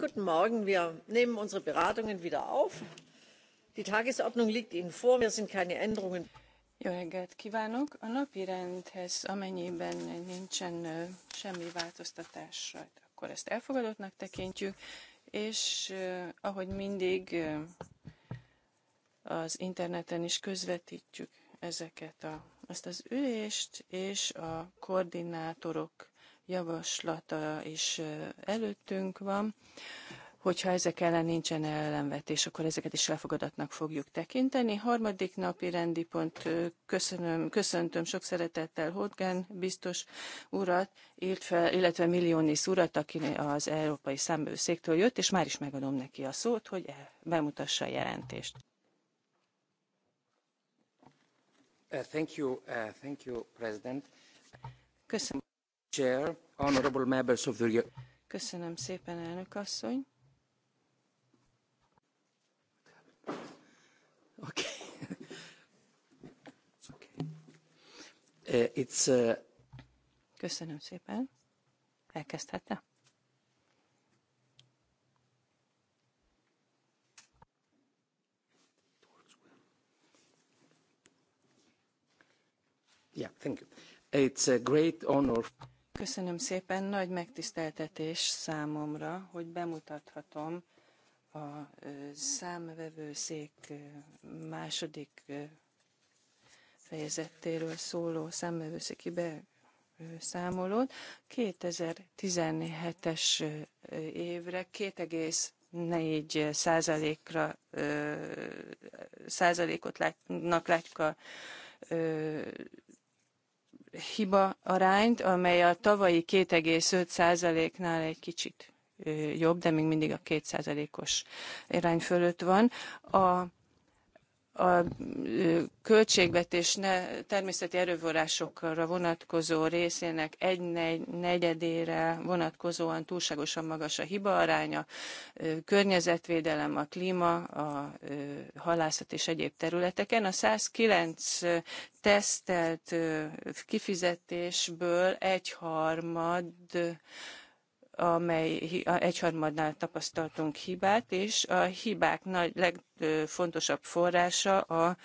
Guten Morgen. Wir nehmen unsere Beratungen wieder auf. Die Tagesordnung liegt Ihnen vor. Wir sind keine Änderungen. Jó reggelt kívánok! A napi rendhez, amennyiben nincsen semmi változtatás rajta, hát akkor ezt elfogadottnak tekintjük, és ahogy mindig az interneten is közvetítjük ezeket a, ezt az ülést, és a koordinátorok javaslata is előttünk van. Hogyha ezek ellen nincsen ellenvetés, akkor ezeket is elfogadatnak fogjuk tekinteni. Harmadik napi rendi pont, köszönöm, köszöntöm sok szeretettel Hodgán biztos urat, fel, illetve Milliónis urat, aki az Európai Számbőszéktől jött, és már is megadom neki a szót, hogy e, bemutassa a jelentést. Uh, thank you, uh, thank you, President. Köszönöm. Chair, honorable members of the... Köszönöm szépen, elnök asszony. Okay. okay. Uh, it's, uh... Köszönöm szépen. Elkezdhette? Yeah, thank you. It's a great honor. Köszönöm szépen, nagy megtiszteltetés számomra, hogy bemutathatom a számvevőszék második fejezetéről szóló számvevőszéki beszámolót. 2017-es évre 2,4 százalékra százalékot látnak látjuk a hiba arányt, amely a tavalyi 2,5%-nál egy kicsit jobb, de még mindig a 2%-os irány fölött van. A a költségvetés ne, természeti erőforrásokra vonatkozó részének egy negyedére vonatkozóan túlságosan magas a hibaaránya, környezetvédelem, a klíma, a halászat és egyéb területeken. A 109 tesztelt kifizetésből egyharmad amely egyharmadnál tapasztaltunk hibát, és a hibák nagy, legfontosabb forrása a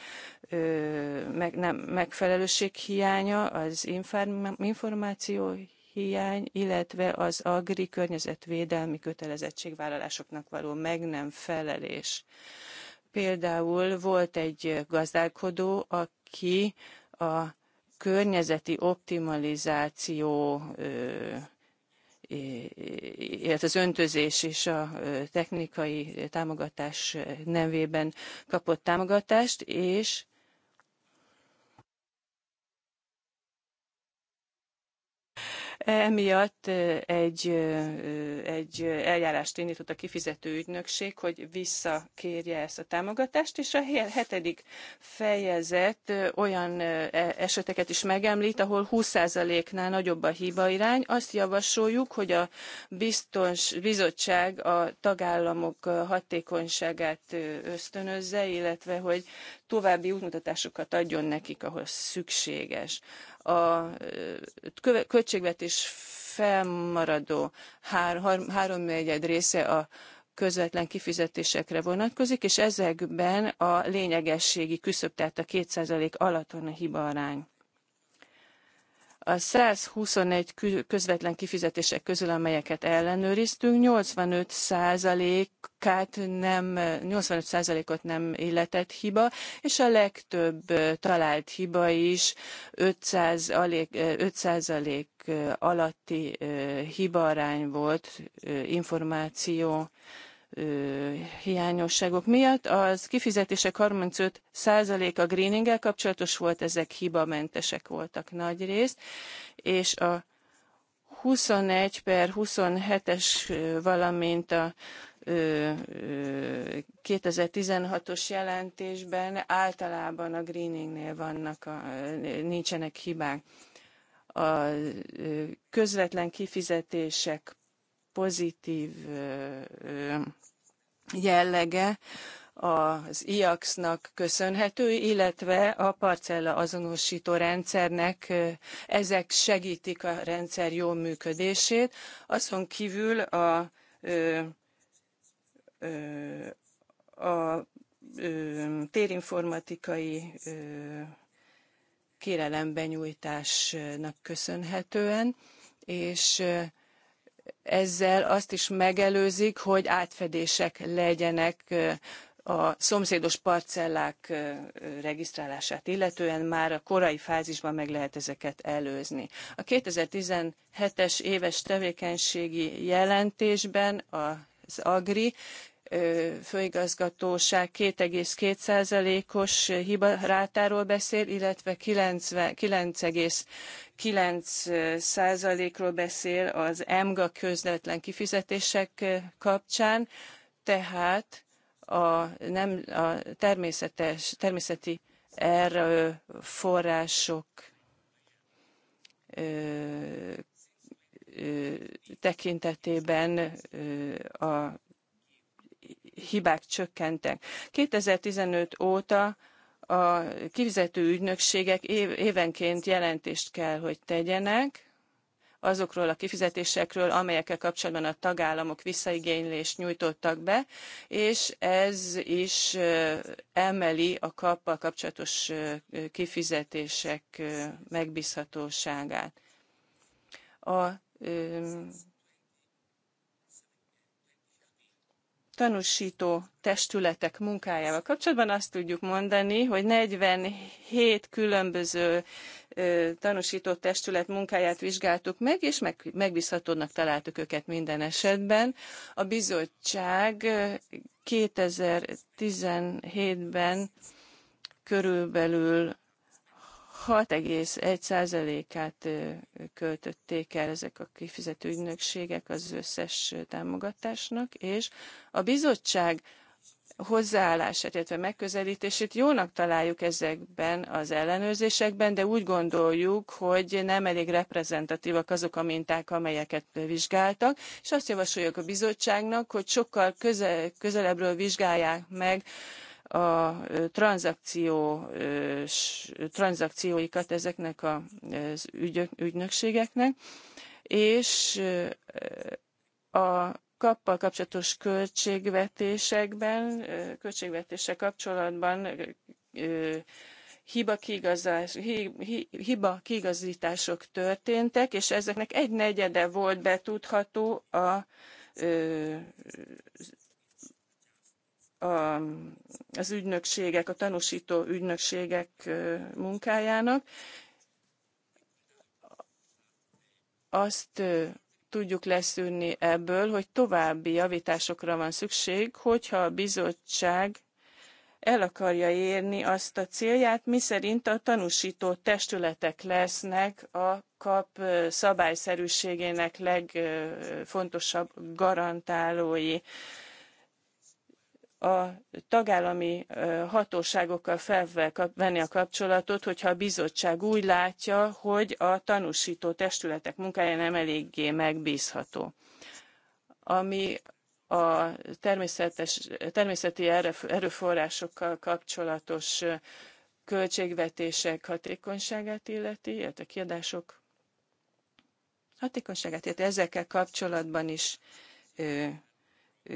meg, nem, megfelelőség hiánya, az információ hiány, illetve az agri környezetvédelmi kötelezettségvállalásoknak való meg nem felelés. Például volt egy gazdálkodó, aki a környezeti optimalizáció illetve az öntözés és a technikai támogatás nevében kapott támogatást, és Emiatt egy, egy eljárást indított a kifizető ügynökség, hogy visszakérje ezt a támogatást, és a hetedik fejezet olyan e, eseteket is megemlít, ahol 20%-nál nagyobb a hibairány. Azt javasoljuk, hogy a biztons, bizottság a tagállamok hatékonyságát ösztönözze, illetve hogy további útmutatásokat adjon nekik, ahol szükséges a költségvetés felmaradó három, három része a közvetlen kifizetésekre vonatkozik, és ezekben a lényegességi küszöb, tehát a 2% alatt van a hibaarány. A 121 közvetlen kifizetések közül, amelyeket ellenőriztünk, 85 százalékát nem, 85 százalékot nem illetett hiba, és a legtöbb talált hiba is 5 százalék alatti hibarány volt információ hiányosságok miatt. Az kifizetések 35% a greeninggel kapcsolatos volt, ezek hibamentesek voltak nagy részt, és a 21 per 27-es, valamint a 2016-os jelentésben általában a greeningnél vannak a, nincsenek hibák. A közvetlen kifizetések pozitív jellege az IAX-nak köszönhető, illetve a parcella azonosító rendszernek ezek segítik a rendszer jó működését. Azon kívül a, a, a térinformatikai kérelembenyújtásnak köszönhetően, és ezzel azt is megelőzik, hogy átfedések legyenek a szomszédos parcellák regisztrálását illetően már a korai fázisban meg lehet ezeket előzni. A 2017-es éves tevékenységi jelentésben az AGRI főigazgatóság 2,2%-os hibarátáról beszél, illetve 9,9%-ról beszél az EMGA közvetlen kifizetések kapcsán, tehát a, nem, a természetes, természeti erőforrások tekintetében a hibák csökkentek. 2015 óta a kifizető ügynökségek évenként jelentést kell, hogy tegyenek azokról a kifizetésekről, amelyekkel kapcsolatban a tagállamok visszaigénylést nyújtottak be, és ez is emeli a kappal kapcsolatos kifizetések megbízhatóságát. A tanúsító testületek munkájával kapcsolatban azt tudjuk mondani, hogy 47 különböző tanúsító testület munkáját vizsgáltuk meg, és meg, megbízhatónak találtuk őket minden esetben. A bizottság 2017-ben körülbelül 6,1%-át költötték el ezek a kifizető ügynökségek az összes támogatásnak, és a bizottság hozzáállását, illetve megközelítését jónak találjuk ezekben az ellenőrzésekben, de úgy gondoljuk, hogy nem elég reprezentatívak azok a minták, amelyeket vizsgáltak, és azt javasoljuk a bizottságnak, hogy sokkal köze közelebbről vizsgálják meg a tranzakció, tranzakcióikat ezeknek az ügyök, ügynökségeknek, és a kappal kapcsolatos költségvetésekben, költségvetéssel kapcsolatban hiba, kiigazás, hi, hi, hiba kiigazítások történtek, és ezeknek egy negyede volt betudható a, az ügynökségek, a tanúsító ügynökségek munkájának. Azt tudjuk leszűrni ebből, hogy további javításokra van szükség, hogyha a bizottság el akarja érni azt a célját, miszerint a tanúsító testületek lesznek a kap szabályszerűségének legfontosabb garantálói a tagállami hatóságokkal felvenni a kapcsolatot, hogyha a bizottság úgy látja, hogy a tanúsító testületek munkája nem eléggé megbízható. Ami a természetes, természeti erőforrásokkal kapcsolatos költségvetések hatékonyságát illeti, illetve kiadások hatékonyságát illeti, ezekkel kapcsolatban is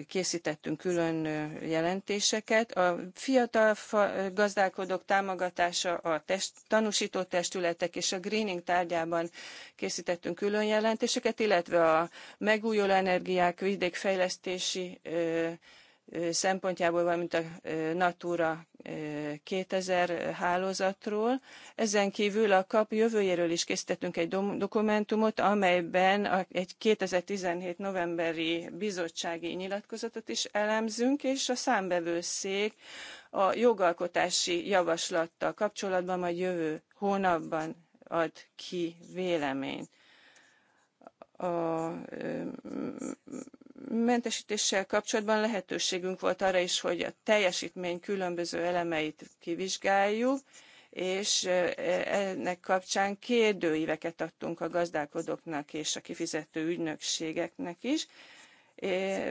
készítettünk külön jelentéseket. A fiatal gazdálkodók támogatása a test, tanúsító testületek és a greening tárgyában készítettünk külön jelentéseket, illetve a megújuló energiák vidékfejlesztési szempontjából, valamint a Natura 2000 hálózatról. Ezen kívül a KAP jövőjéről is készítettünk egy dokumentumot, amelyben egy 2017 novemberi bizottsági nyilatkozatot is elemzünk, és a számbevőszék a jogalkotási javaslattal kapcsolatban majd jövő hónapban ad ki véleményt a mentesítéssel kapcsolatban lehetőségünk volt arra is, hogy a teljesítmény különböző elemeit kivizsgáljuk, és e, ennek kapcsán kérdőíveket adtunk a gazdálkodóknak és a kifizető ügynökségeknek is,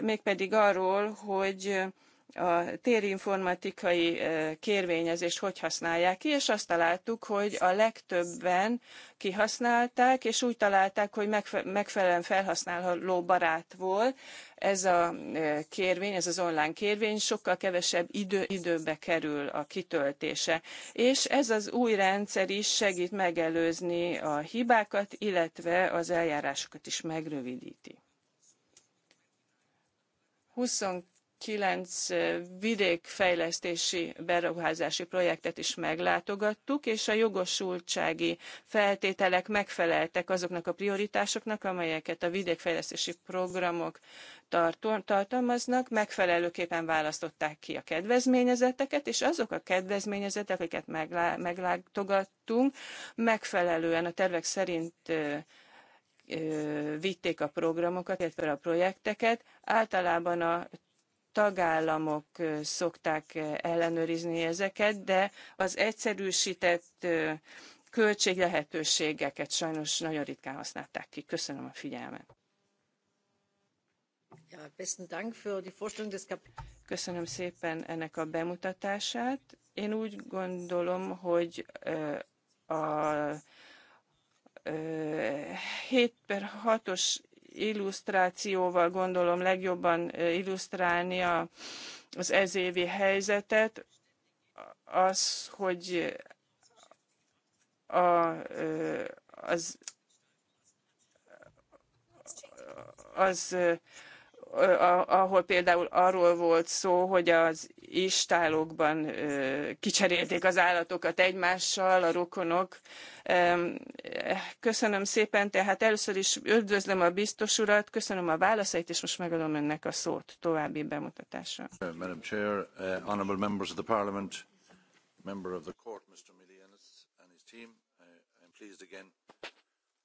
mégpedig arról, hogy a térinformatikai kérvényezést hogy használják ki, és azt találtuk, hogy a legtöbben kihasználták, és úgy találták, hogy megfelelően felhasználó barát volt ez a kérvény, ez az online kérvény, sokkal kevesebb idő, időbe kerül a kitöltése. És ez az új rendszer is segít megelőzni a hibákat, illetve az eljárásokat is megrövidíti. 22 kilenc vidékfejlesztési beruházási projektet is meglátogattuk, és a jogosultsági feltételek megfeleltek azoknak a prioritásoknak, amelyeket a vidékfejlesztési programok tartalmaznak, megfelelőképpen választották ki a kedvezményezetteket, és azok a kedvezményezettek, akiket meglátogattunk, megfelelően a tervek szerint vitték a programokat, illetve a projekteket. Általában a tagállamok szokták ellenőrizni ezeket, de az egyszerűsített költséglehetőségeket sajnos nagyon ritkán használták ki. Köszönöm a figyelmet. Köszönöm szépen ennek a bemutatását. Én úgy gondolom, hogy a 7 per 6-os illusztrációval gondolom legjobban illusztrálni a, az ezévi helyzetet, az, hogy a, az, az ahol például arról volt szó, hogy az istálókban kicserélték az állatokat egymással a rokonok. Köszönöm szépen, tehát először is üdvözlöm a biztos urat, köszönöm a válaszait, és most megadom önnek a szót további bemutatásra. Uh, Madam Chair, uh, honorable members of the Parliament, member of the court, Mr. Milianis and his team, uh, I'm pleased again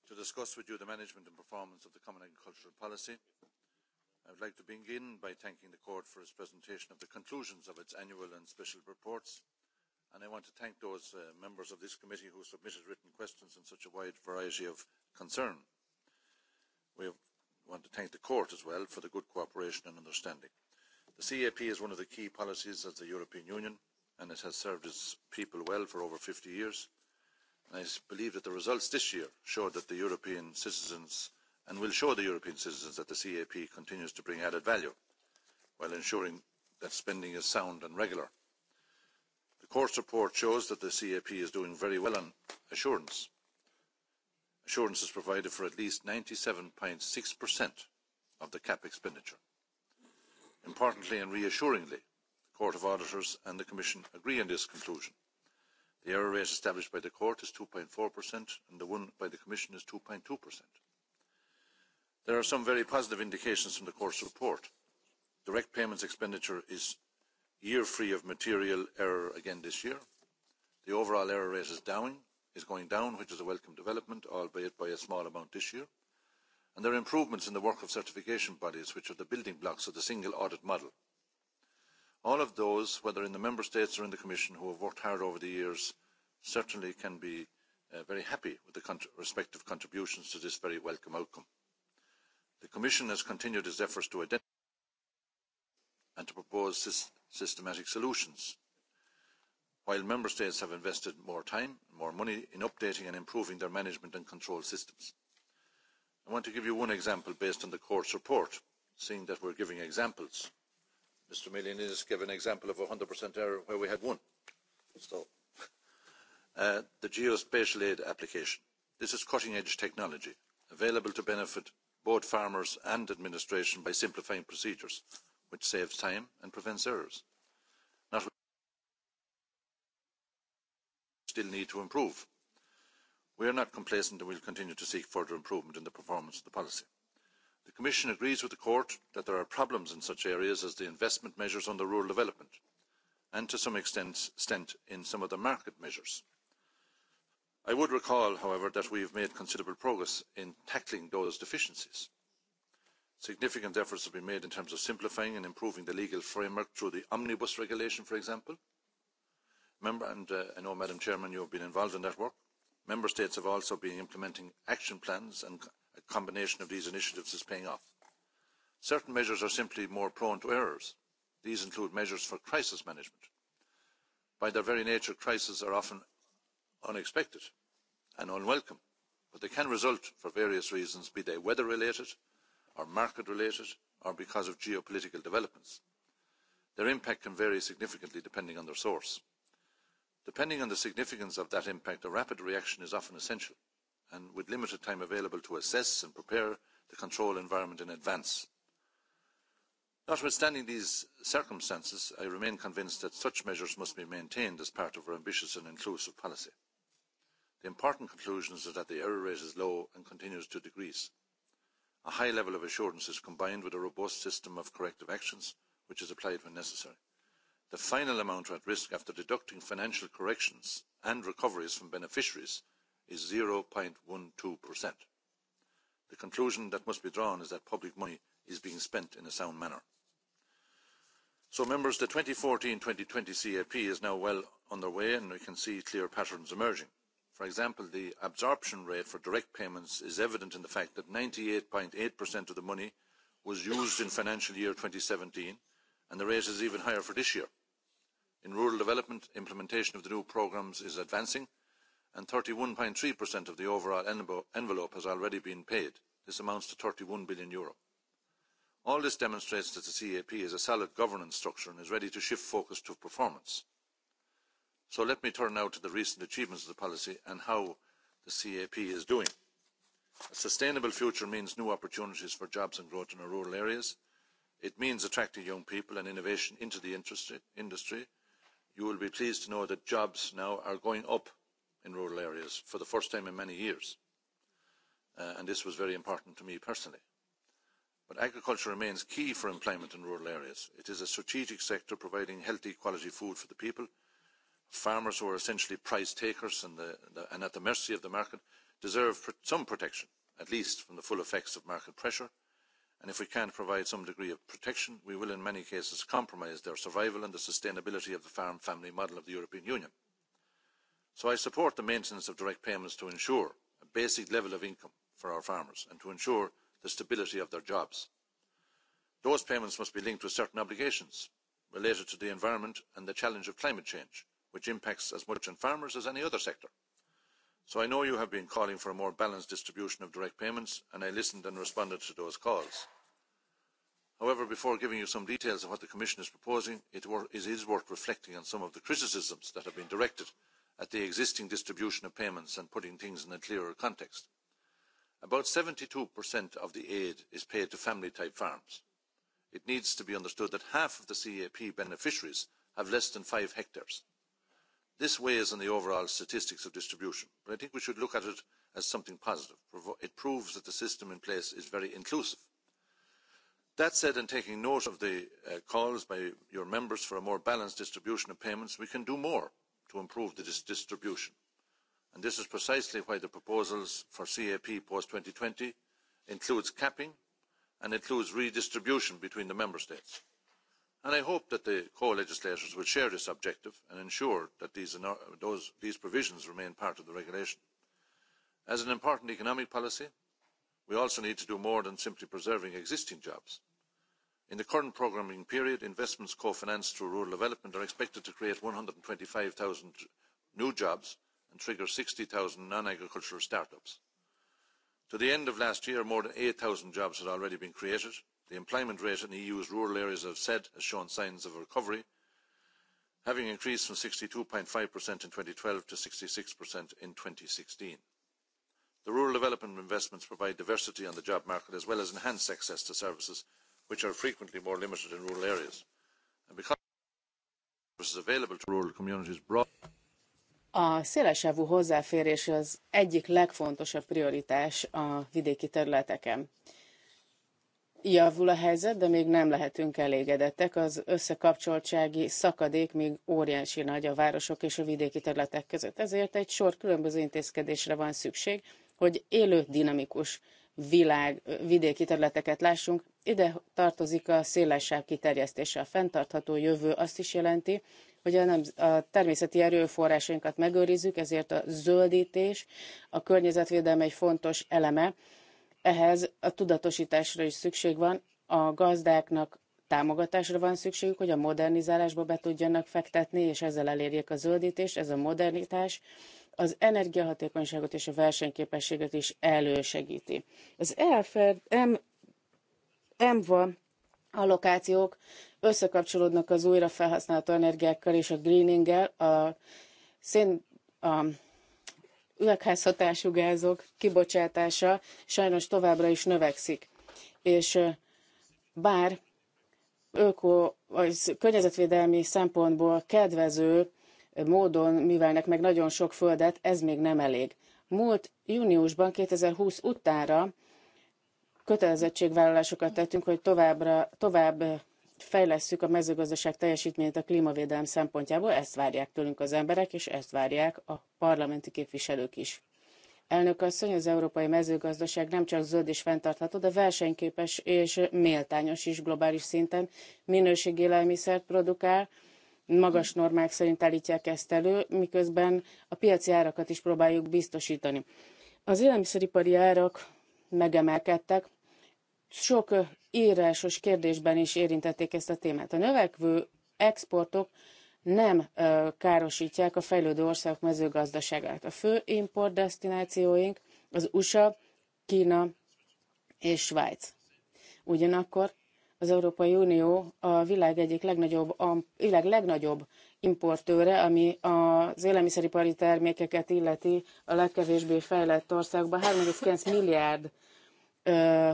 to discuss with you the management and performance of the Common Agricultural Policy I would like to begin by thanking the Court for its presentation of the conclusions of its annual and special reports. And I want to thank those uh, members of this committee who submitted written questions on such a wide variety of concern. We have, want to thank the Court as well for the good cooperation and understanding. The CAP is one of the key policies of the European Union and it has served its people well for over 50 years. And I believe that the results this year showed that the European citizens' and will show the European citizens that the CAP continues to bring added value while ensuring that spending is sound and regular. The court's report shows that the CAP is doing very well on assurance. Assurance is provided for at least ninety seven six of the cap expenditure. Importantly and reassuringly, the Court of Auditors and the Commission agree on this conclusion. The error rate established by the Court is two four and the one by the Commission is two. There are some very positive indications from the court's report. Direct payments expenditure is year free of material error again this year. The overall error rate is down, is going down, which is a welcome development, albeit by a small amount this year. And there are improvements in the work of certification bodies, which are the building blocks of the single audit model. All of those, whether in the Member States or in the Commission, who have worked hard over the years, certainly can be uh, very happy with the respective contributions to this very welcome outcome. The Commission has continued its efforts to identify and to propose systematic solutions. While Member States have invested more time and more money in updating and improving their management and control systems. I want to give you one example based on the court's report, seeing that we're giving examples. Mr. Millianidis gave an example of 100% error where we had one. So, uh, the geospatial aid application. This is cutting edge technology available to benefit both farmers and administration by simplifying procedures which saves time and prevents errors. we still need to improve. We are not complacent and will continue to seek further improvement in the performance of the policy. The Commission agrees with the Court that there are problems in such areas as the investment measures under rural development and to some extent in some of the market measures i would recall however that we have made considerable progress in tackling those deficiencies. significant efforts have been made in terms of simplifying and improving the legal framework through the omnibus regulation for example. Member, and uh, i know madam chairman you have been involved in that work. member states have also been implementing action plans and a combination of these initiatives is paying off. certain measures are simply more prone to errors. these include measures for crisis management. by their very nature crises are often unexpected and unwelcome but they can result for various reasons be they weather related or market related or because of geopolitical developments. their impact can vary significantly depending on their source. depending on the significance of that impact a rapid reaction is often essential and with limited time available to assess and prepare the control environment in advance. Notwithstanding these circumstances, I remain convinced that such measures must be maintained as part of our ambitious and inclusive policy. The important conclusion is that the error rate is low and continues to decrease. A high level of assurance is combined with a robust system of corrective actions, which is applied when necessary. The final amount at risk after deducting financial corrections and recoveries from beneficiaries is zero twelve The conclusion that must be drawn is that public money is being spent in a sound manner. So, members, the 2014-2020 CAP is now well underway and we can see clear patterns emerging. For example, the absorption rate for direct payments is evident in the fact that 98.8% of the money was used in financial year 2017, and the rate is even higher for this year. In rural development, implementation of the new programmes is advancing, and 31.3% of the overall envelope has already been paid. This amounts to 31 billion euro. All this demonstrates that the CAP is a solid governance structure and is ready to shift focus to performance. So let me turn now to the recent achievements of the policy and how the CAP is doing. A sustainable future means new opportunities for jobs and growth in our rural areas. It means attracting young people and innovation into the industry. You will be pleased to know that jobs now are going up in rural areas for the first time in many years. Uh, and this was very important to me personally. But agriculture remains key for employment in rural areas. It is a strategic sector providing healthy, quality food for the people farmers who are essentially price takers and, the, the, and at the mercy of the market deserve some protection, at least from the full effects of market pressure. And if we can't provide some degree of protection, we will in many cases compromise their survival and the sustainability of the farm family model of the European Union. So I support the maintenance of direct payments to ensure a basic level of income for our farmers and to ensure the stability of their jobs. Those payments must be linked to certain obligations related to the environment and the challenge of climate change which impacts as much on farmers as any other sector. So I know you have been calling for a more balanced distribution of direct payments, and I listened and responded to those calls. However, before giving you some details of what the Commission is proposing, it, is worth reflecting on some of the criticisms that have been directed at the existing distribution of payments and putting things in a clearer context. About 72% of the aid is paid to family-type farms. It needs to be understood that half of the CAP beneficiaries have less than five hectares this weighs on the overall statistics of distribution but i think we should look at it as something positive. it proves that the system in place is very inclusive. that said and taking note of the uh, calls by your members for a more balanced distribution of payments we can do more to improve the distribution and this is precisely why the proposals for cap post two thousand and twenty includes capping and includes redistribution between the member states and I hope that the co-legislators will share this objective and ensure that uh, these, provisions remain part of the regulation. As an important economic policy, we also need to do more than simply preserving existing jobs. In the current programming period, investments co-financed through rural development are expected to create one hundred and twenty five zero new jobs and trigger sixty zero non-agricultural start-ups. To the end of last year, more than eight zero jobs had already been created The employment rate in the EU's rural areas, I've said, has shown signs of recovery, having increased from sixty two five in two thousand and twelve to sixty six in two thousand and sixteen The rural development investments provide diversity on the job market as well as enhanced access to services which are frequently more limited in rural areas. And because services available to rural communities broad a szélesávú hozzáférés az egyik legfontosabb prioritás a vidéki területeken javul a helyzet, de még nem lehetünk elégedettek. Az összekapcsoltsági szakadék még óriási nagy a városok és a vidéki területek között. Ezért egy sor különböző intézkedésre van szükség, hogy élő, dinamikus világ, vidéki területeket lássunk. Ide tartozik a szélesebb kiterjesztése, a fenntartható jövő azt is jelenti, hogy a, nem, a természeti erőforrásainkat megőrizzük, ezért a zöldítés, a környezetvédelem egy fontos eleme, ehhez a tudatosításra is szükség van, a gazdáknak támogatásra van szükségük, hogy a modernizálásba be tudjanak fektetni, és ezzel elérjék a zöldítést. Ez a modernitás az energiahatékonyságot és a versenyképességet is elősegíti. Az elfer, em, EMVA allokációk összekapcsolódnak az újrafelhasználható energiákkal és a greeninggel, a szén, a üvegházhatású gázok kibocsátása sajnos továbbra is növekszik. És bár öko, vagy környezetvédelmi szempontból kedvező módon művelnek meg nagyon sok földet, ez még nem elég. Múlt júniusban, 2020 utára kötelezettségvállalásokat tettünk, hogy továbbra, tovább fejlesszük a mezőgazdaság teljesítményét a klímavédelem szempontjából, ezt várják tőlünk az emberek, és ezt várják a parlamenti képviselők is. Elnök asszony, az európai mezőgazdaság nem csak zöld és fenntartható, de versenyképes és méltányos is globális szinten minőségi élelmiszert produkál, magas normák szerint állítják ezt elő, miközben a piaci árakat is próbáljuk biztosítani. Az élelmiszeripari árak megemelkedtek, sok írásos kérdésben is érintették ezt a témát. A növekvő exportok nem károsítják a fejlődő országok mezőgazdaságát. A fő import destinációink az USA, Kína és Svájc. Ugyanakkor az Európai Unió a világ egyik legnagyobb, a világ legnagyobb importőre, ami az élelmiszeripari termékeket illeti a legkevésbé fejlett országban 3,9 milliárd ö,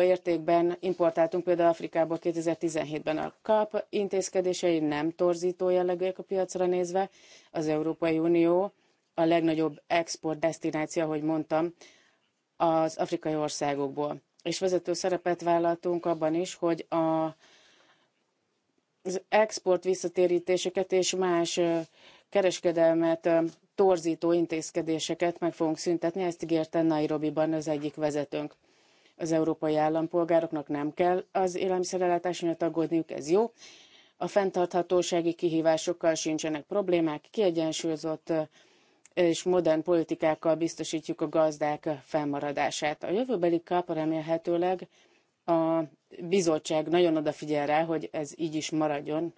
értékben importáltunk például Afrikából 2017-ben a KAP intézkedései nem torzító jellegűek a piacra nézve. Az Európai Unió a legnagyobb export destináció, ahogy mondtam, az afrikai országokból. És vezető szerepet vállaltunk abban is, hogy a, az export visszatérítéseket és más kereskedelmet torzító intézkedéseket meg fogunk szüntetni, ezt ígérte Nairobiban az egyik vezetőnk az európai állampolgároknak nem kell az élelmiszerellátás miatt aggódniuk, ez jó. A fenntarthatósági kihívásokkal sincsenek problémák, kiegyensúlyozott és modern politikákkal biztosítjuk a gazdák fennmaradását. A jövőbeli kap remélhetőleg a bizottság nagyon odafigyel rá, hogy ez így is maradjon,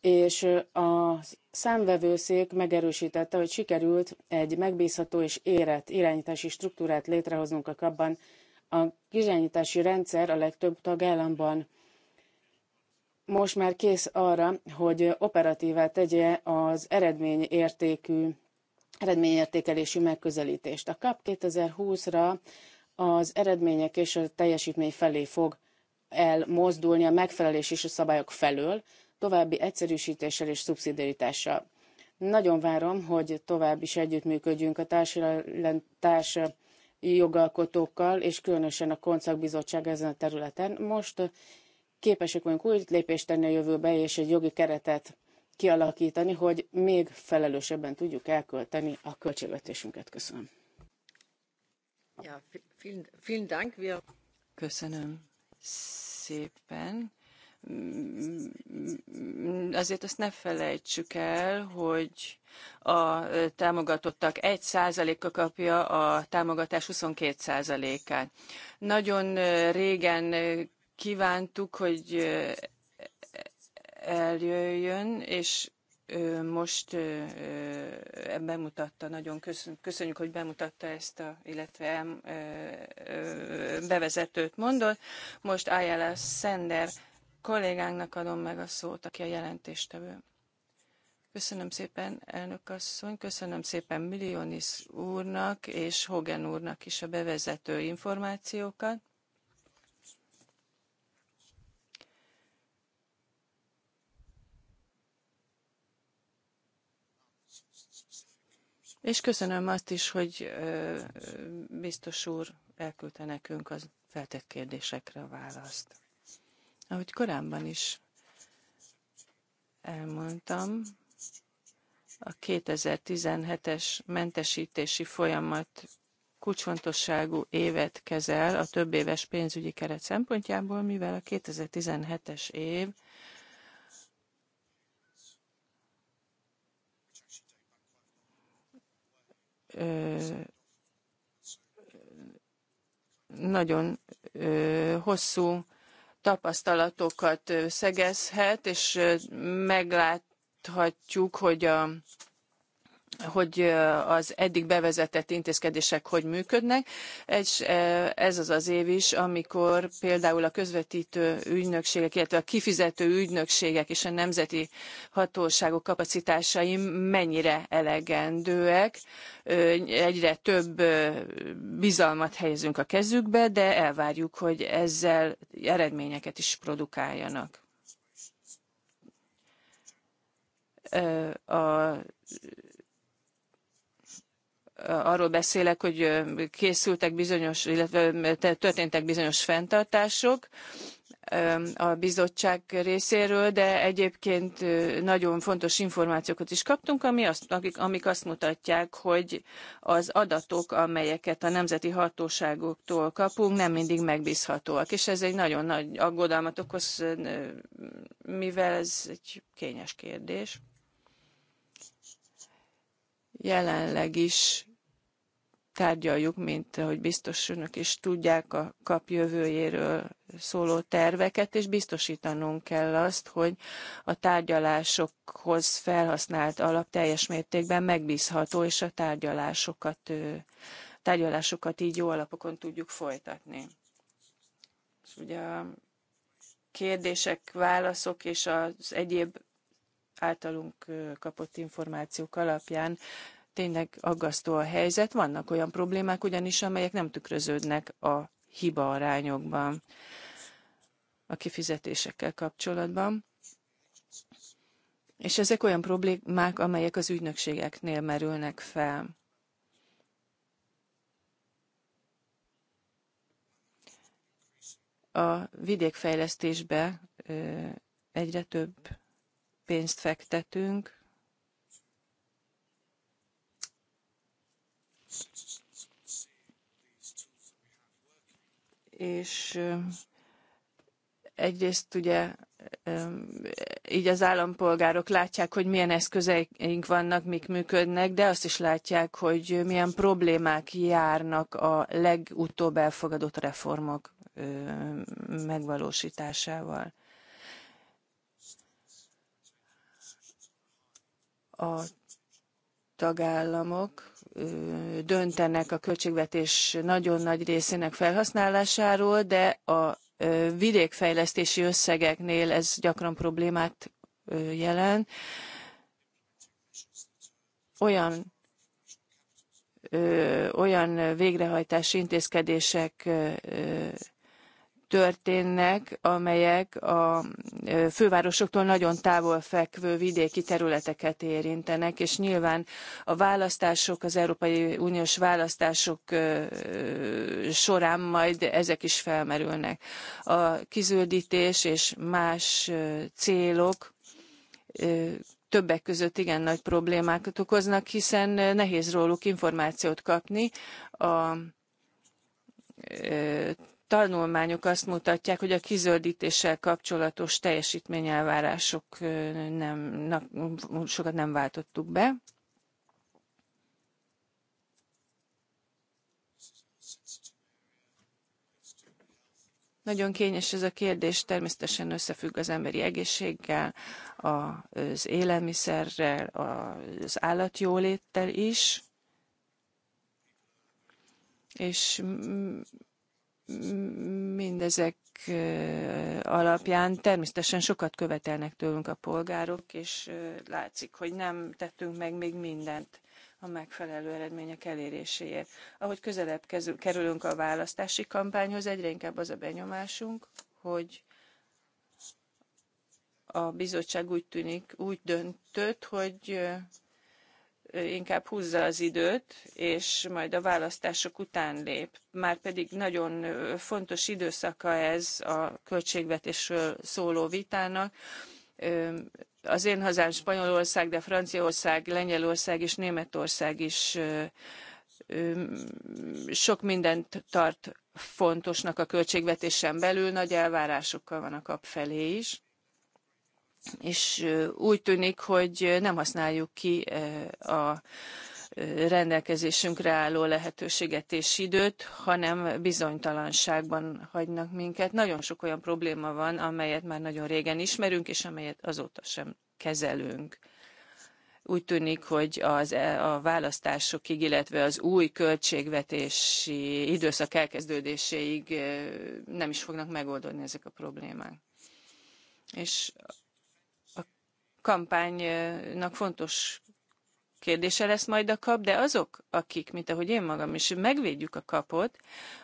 és a számvevőszék megerősítette, hogy sikerült egy megbízható és érett irányítási struktúrát létrehoznunk a kapban, a irányítási rendszer a legtöbb tagállamban most már kész arra, hogy operatívá tegye az eredményértékű, eredményértékelésű megközelítést. A CAP 2020-ra az eredmények és a teljesítmény felé fog elmozdulni a megfelelés és a szabályok felől, további egyszerűsítéssel és szubszidiaritással. Nagyon várom, hogy tovább is együttműködjünk a társ, jogalkotókkal, és különösen a Bizottság ezen a területen. Most képesek vagyunk új lépést tenni a jövőbe, és egy jogi keretet kialakítani, hogy még felelősebben tudjuk elkölteni a költségvetésünket. Köszönöm. Ja, vielen, vielen Dank. Wir... Köszönöm szépen azért azt ne felejtsük el, hogy a támogatottak 1%-a kapja a támogatás 22%-át. Nagyon régen kívántuk, hogy eljöjjön, és most bemutatta, nagyon köszönjük, hogy bemutatta ezt a, illetve bevezetőt mondott. Most Ayala Sender kollégánknak adom meg a szót, aki a jelentéstevő. Köszönöm szépen, elnök asszony, köszönöm szépen Millionis úrnak és Hogan úrnak is a bevezető információkat. És köszönöm azt is, hogy biztos úr elküldte nekünk az feltett kérdésekre a választ. Ahogy korábban is elmondtam, a 2017-es mentesítési folyamat kulcsfontosságú évet kezel a több éves pénzügyi keret szempontjából, mivel a 2017-es év ö, nagyon ö, hosszú tapasztalatokat szegezhet, és megláthatjuk, hogy a hogy az eddig bevezetett intézkedések hogy működnek. És ez az az év is, amikor például a közvetítő ügynökségek, illetve a kifizető ügynökségek és a nemzeti hatóságok kapacitásai mennyire elegendőek. Egyre több bizalmat helyezünk a kezükbe, de elvárjuk, hogy ezzel eredményeket is produkáljanak. A arról beszélek, hogy készültek bizonyos, illetve történtek bizonyos fenntartások a bizottság részéről, de egyébként nagyon fontos információkat is kaptunk, ami azt, amik azt mutatják, hogy az adatok, amelyeket a nemzeti hatóságoktól kapunk, nem mindig megbízhatóak. És ez egy nagyon nagy aggodalmat okoz, mivel ez egy kényes kérdés jelenleg is tárgyaljuk, mint ahogy biztos önök is tudják a kap jövőjéről szóló terveket, és biztosítanunk kell azt, hogy a tárgyalásokhoz felhasznált alap teljes mértékben megbízható, és a tárgyalásokat, tárgyalásokat így jó alapokon tudjuk folytatni. És ugye a kérdések, válaszok és az egyéb általunk kapott információk alapján tényleg aggasztó a helyzet. Vannak olyan problémák ugyanis, amelyek nem tükröződnek a hiba arányokban a kifizetésekkel kapcsolatban. És ezek olyan problémák, amelyek az ügynökségeknél merülnek fel. A vidékfejlesztésbe egyre több pénzt fektetünk. És eh, egyrészt ugye eh, így az állampolgárok látják, hogy milyen eszközeink vannak, mik működnek, de azt is látják, hogy milyen problémák járnak a legutóbb elfogadott reformok eh, megvalósításával. a tagállamok döntenek a költségvetés nagyon nagy részének felhasználásáról, de a vidékfejlesztési összegeknél ez gyakran problémát jelent. Olyan olyan végrehajtási intézkedések történnek, amelyek a fővárosoktól nagyon távol fekvő vidéki területeket érintenek, és nyilván a választások, az Európai Uniós választások során majd ezek is felmerülnek. A kizöldítés és más célok többek között igen nagy problémákat okoznak, hiszen nehéz róluk információt kapni. A tanulmányok azt mutatják, hogy a kizöldítéssel kapcsolatos teljesítményelvárások nem, na, sokat nem váltottuk be. Nagyon kényes ez a kérdés, természetesen összefügg az emberi egészséggel, az élelmiszerrel, az állatjóléttel is. És mindezek alapján természetesen sokat követelnek tőlünk a polgárok, és látszik, hogy nem tettünk meg még mindent a megfelelő eredmények eléréséért. Ahogy közelebb kerülünk a választási kampányhoz, egyre inkább az a benyomásunk, hogy a bizottság úgy tűnik, úgy döntött, hogy inkább húzza az időt, és majd a választások után lép. Márpedig nagyon fontos időszaka ez a költségvetésről szóló vitának. Az én hazám Spanyolország, de Franciaország, Lengyelország és Németország is sok mindent tart fontosnak a költségvetésen belül, nagy elvárásokkal van a kap felé is és úgy tűnik, hogy nem használjuk ki a rendelkezésünkre álló lehetőséget és időt, hanem bizonytalanságban hagynak minket. Nagyon sok olyan probléma van, amelyet már nagyon régen ismerünk, és amelyet azóta sem kezelünk. Úgy tűnik, hogy az, e, a választásokig, illetve az új költségvetési időszak elkezdődéséig nem is fognak megoldódni ezek a problémák. És kampánynak fontos kérdése lesz majd a kap, de azok, akik, mint ahogy én magam is, megvédjük a kapot,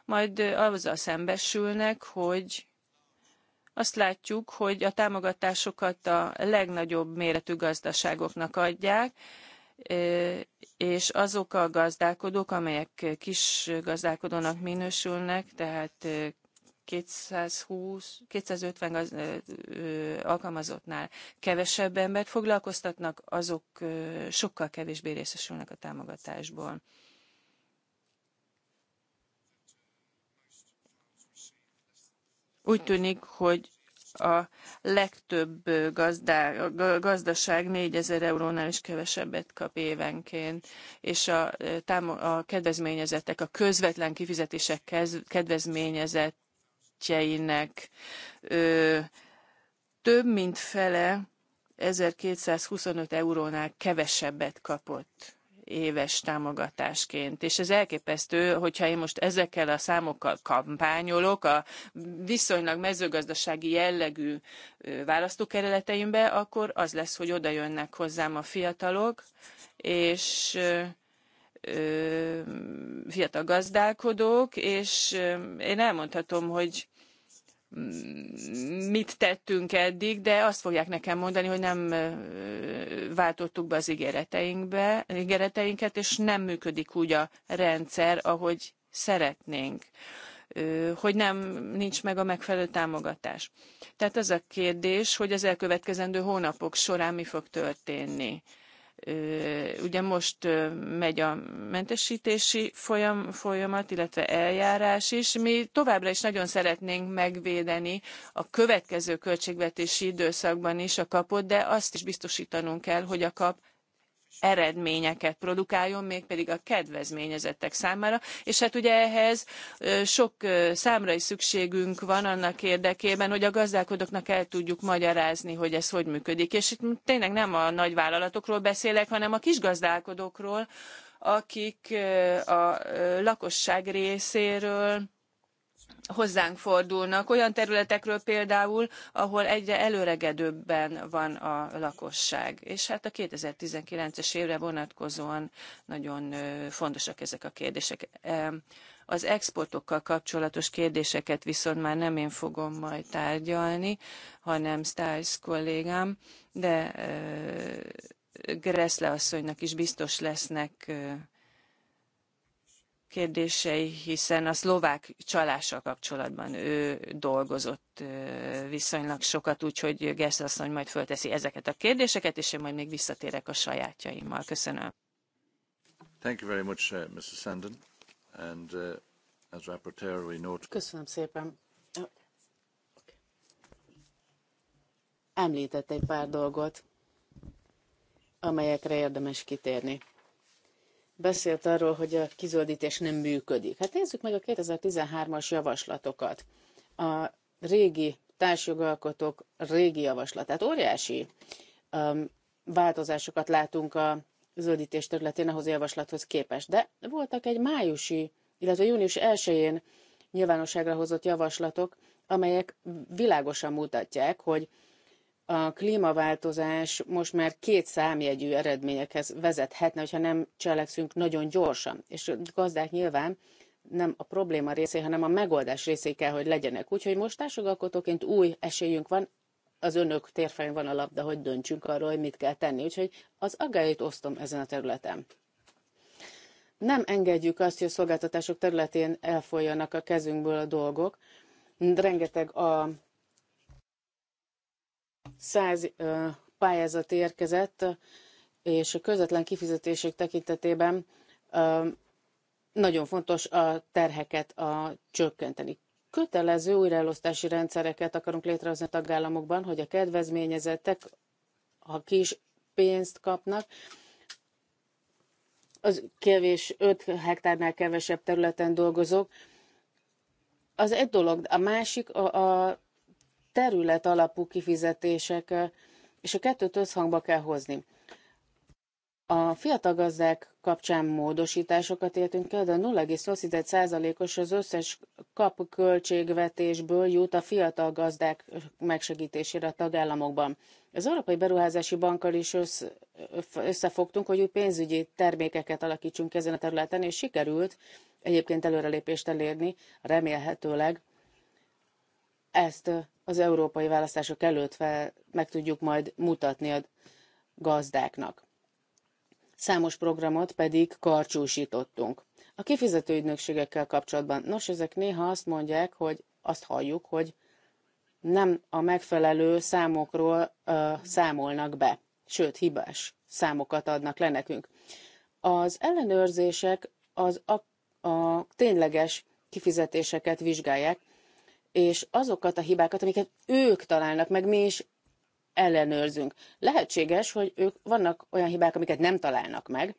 majd azzal szembesülnek, hogy azt látjuk, hogy a támogatásokat a legnagyobb méretű gazdaságoknak adják, és azok a gazdálkodók, amelyek kis gazdálkodónak minősülnek, tehát 220, 250 gaz, alkalmazottnál kevesebb embert foglalkoztatnak, azok sokkal kevésbé részesülnek a támogatásból. Úgy tűnik, hogy a legtöbb gazdá, gazdaság 4000 eurónál is kevesebbet kap évenként, és a, a kedvezményezettek, a közvetlen kifizetések kedvezményezett projektjeinek ö, több mint fele 1225 eurónál kevesebbet kapott éves támogatásként. És ez elképesztő, hogyha én most ezekkel a számokkal kampányolok a viszonylag mezőgazdasági jellegű választókerületeimbe, akkor az lesz, hogy oda jönnek hozzám a fiatalok, és fiatal gazdálkodók, és én elmondhatom, hogy mit tettünk eddig, de azt fogják nekem mondani, hogy nem váltottuk be az ígéreteinkbe, ígéreteinket, és nem működik úgy a rendszer, ahogy szeretnénk hogy nem nincs meg a megfelelő támogatás. Tehát az a kérdés, hogy az elkövetkezendő hónapok során mi fog történni. Ugye most megy a mentesítési folyam, folyamat, illetve eljárás is. Mi továbbra is nagyon szeretnénk megvédeni a következő költségvetési időszakban is a kapot, de azt is biztosítanunk kell, hogy a kap eredményeket produkáljon, mégpedig a kedvezményezettek számára. És hát ugye ehhez sok számra is szükségünk van annak érdekében, hogy a gazdálkodóknak el tudjuk magyarázni, hogy ez hogy működik. És itt tényleg nem a nagyvállalatokról beszélek, hanem a kisgazdálkodókról, akik a lakosság részéről hozzánk fordulnak, olyan területekről például, ahol egyre előregedőbben van a lakosság. És hát a 2019-es évre vonatkozóan nagyon fontosak ezek a kérdések. Az exportokkal kapcsolatos kérdéseket viszont már nem én fogom majd tárgyalni, hanem Stiles kollégám, de Gressle asszonynak is biztos lesznek kérdései, hiszen a szlovák csalással kapcsolatban ő dolgozott viszonylag sokat, úgyhogy Gersz asszony majd fölteszi ezeket a kérdéseket, és én majd még visszatérek a sajátjaimmal. Köszönöm. Thank you very much, uh, Mrs. Sandon. And uh, as rapporteur, we note... Köszönöm szépen. Említett egy pár dolgot, amelyekre érdemes kitérni beszélt arról, hogy a kizöldítés nem működik. Hát nézzük meg a 2013-as javaslatokat. A régi társjogalkotók régi javaslatát. Óriási um, változásokat látunk a zöldítés területén ahhoz a javaslathoz képest. De voltak egy májusi, illetve június 1-én nyilvánosságra hozott javaslatok, amelyek világosan mutatják, hogy a klímaváltozás most már két számjegyű eredményekhez vezethetne, hogyha nem cselekszünk nagyon gyorsan. És a gazdák nyilván nem a probléma részé, hanem a megoldás részé kell, hogy legyenek. Úgyhogy most társjogalkotóként új esélyünk van, az önök térfelén van a labda, hogy döntsünk arról, hogy mit kell tenni. Úgyhogy az aggályait osztom ezen a területen. Nem engedjük azt, hogy a szolgáltatások területén elfolyjanak a kezünkből a dolgok. Rengeteg a Száz pályázat érkezett, és a közvetlen kifizetések tekintetében nagyon fontos a terheket a csökkenteni. Kötelező újraelosztási rendszereket akarunk létrehozni a tagállamokban, hogy a kedvezményezettek, ha kis pénzt kapnak, az kevés, 5 hektárnál kevesebb területen dolgozók. Az egy dolog, a másik a, a terület alapú kifizetések, és a kettőt összhangba kell hozni. A fiatal gazdák kapcsán módosításokat értünk el, de 0,8%-os az összes kap költségvetésből jut a fiatal gazdák megsegítésére a tagállamokban. Az Európai Beruházási Bankkal is összefogtunk, hogy új pénzügyi termékeket alakítsunk ezen a területen, és sikerült egyébként előrelépést elérni, remélhetőleg ezt az európai választások előtt fel, meg tudjuk majd mutatni a gazdáknak. Számos programot pedig karcsúsítottunk. A kifizető ügynökségekkel kapcsolatban, nos, ezek néha azt mondják, hogy azt halljuk, hogy nem a megfelelő számokról ö, számolnak be, sőt, hibás számokat adnak le nekünk. Az ellenőrzések az a, a tényleges kifizetéseket vizsgálják, és azokat a hibákat, amiket ők találnak meg, mi is ellenőrzünk. Lehetséges, hogy ők vannak olyan hibák, amiket nem találnak meg,